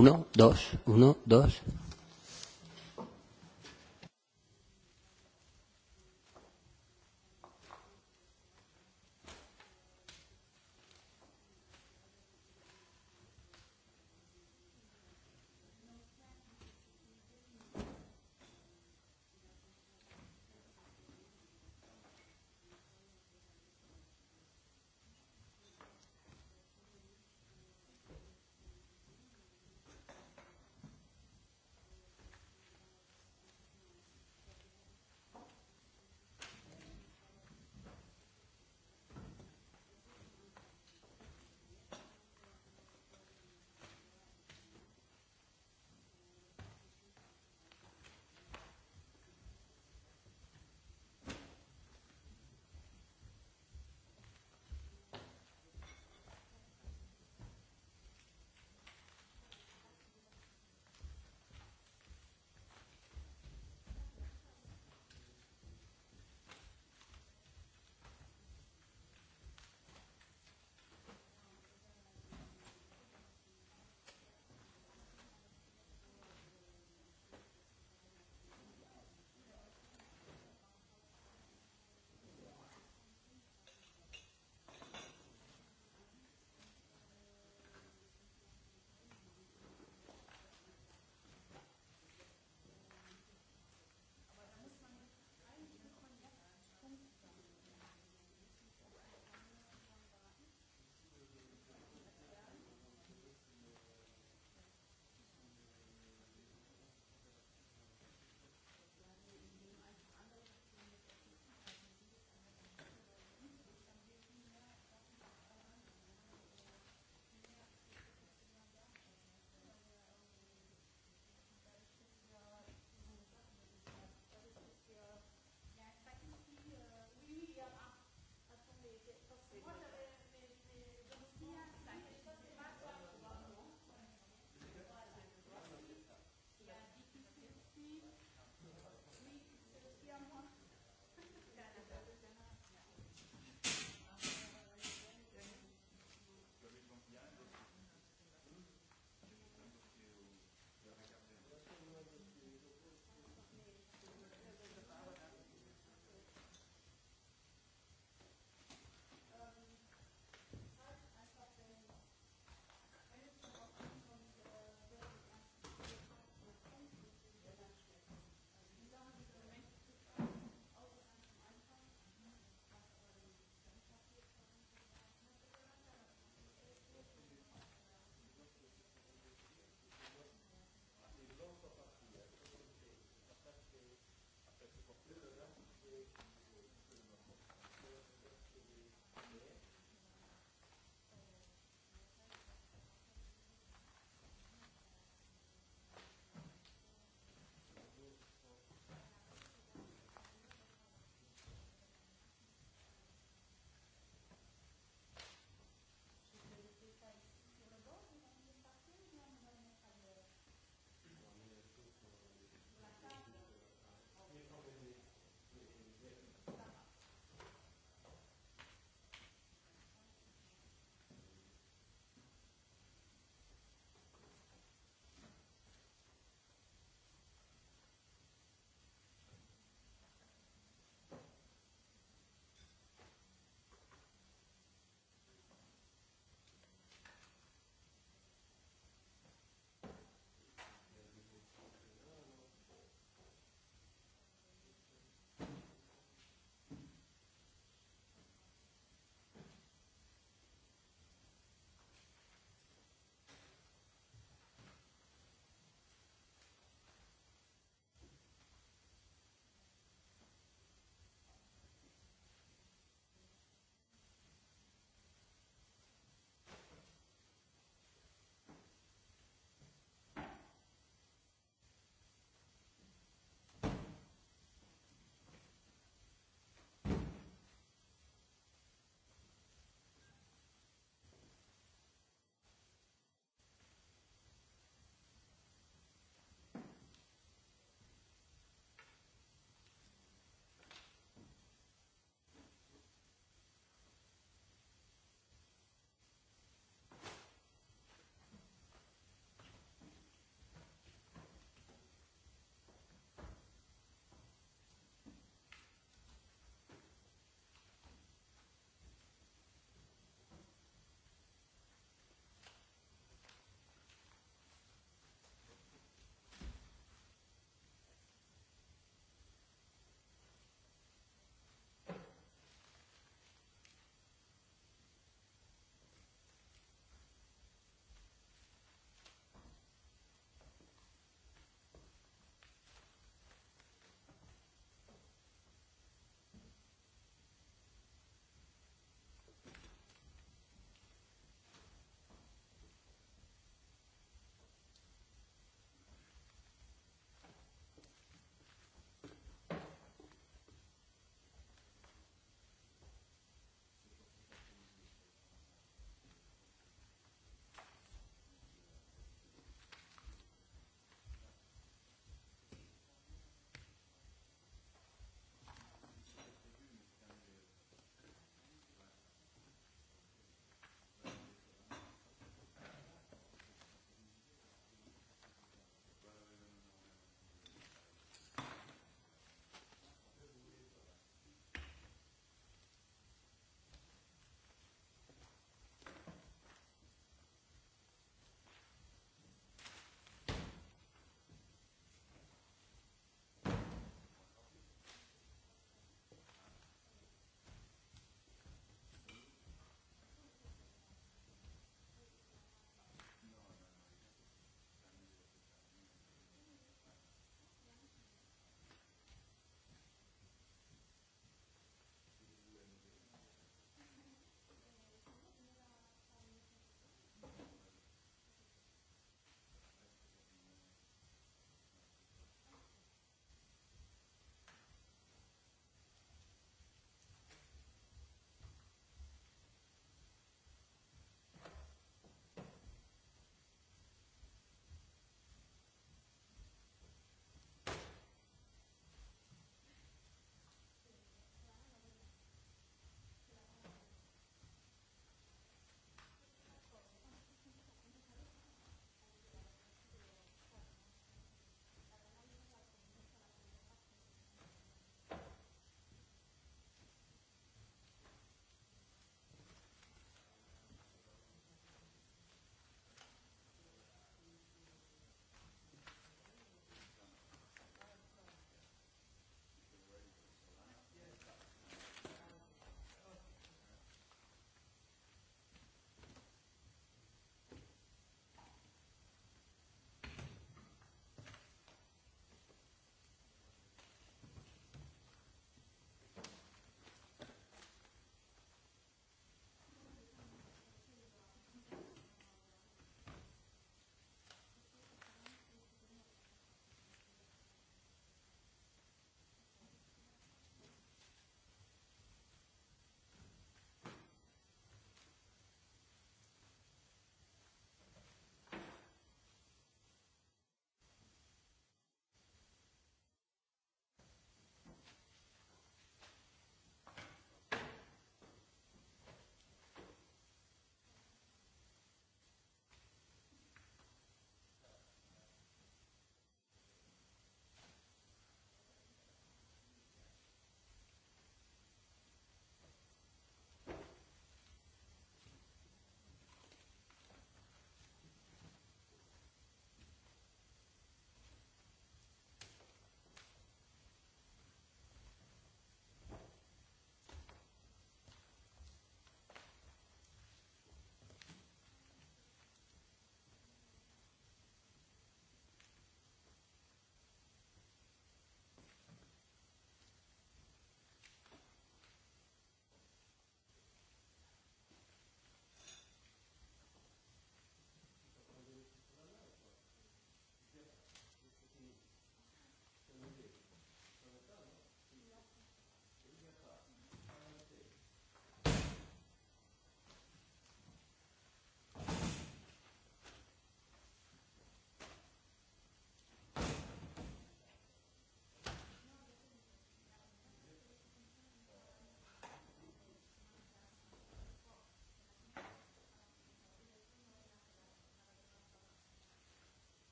Uno, dos, uno, dos.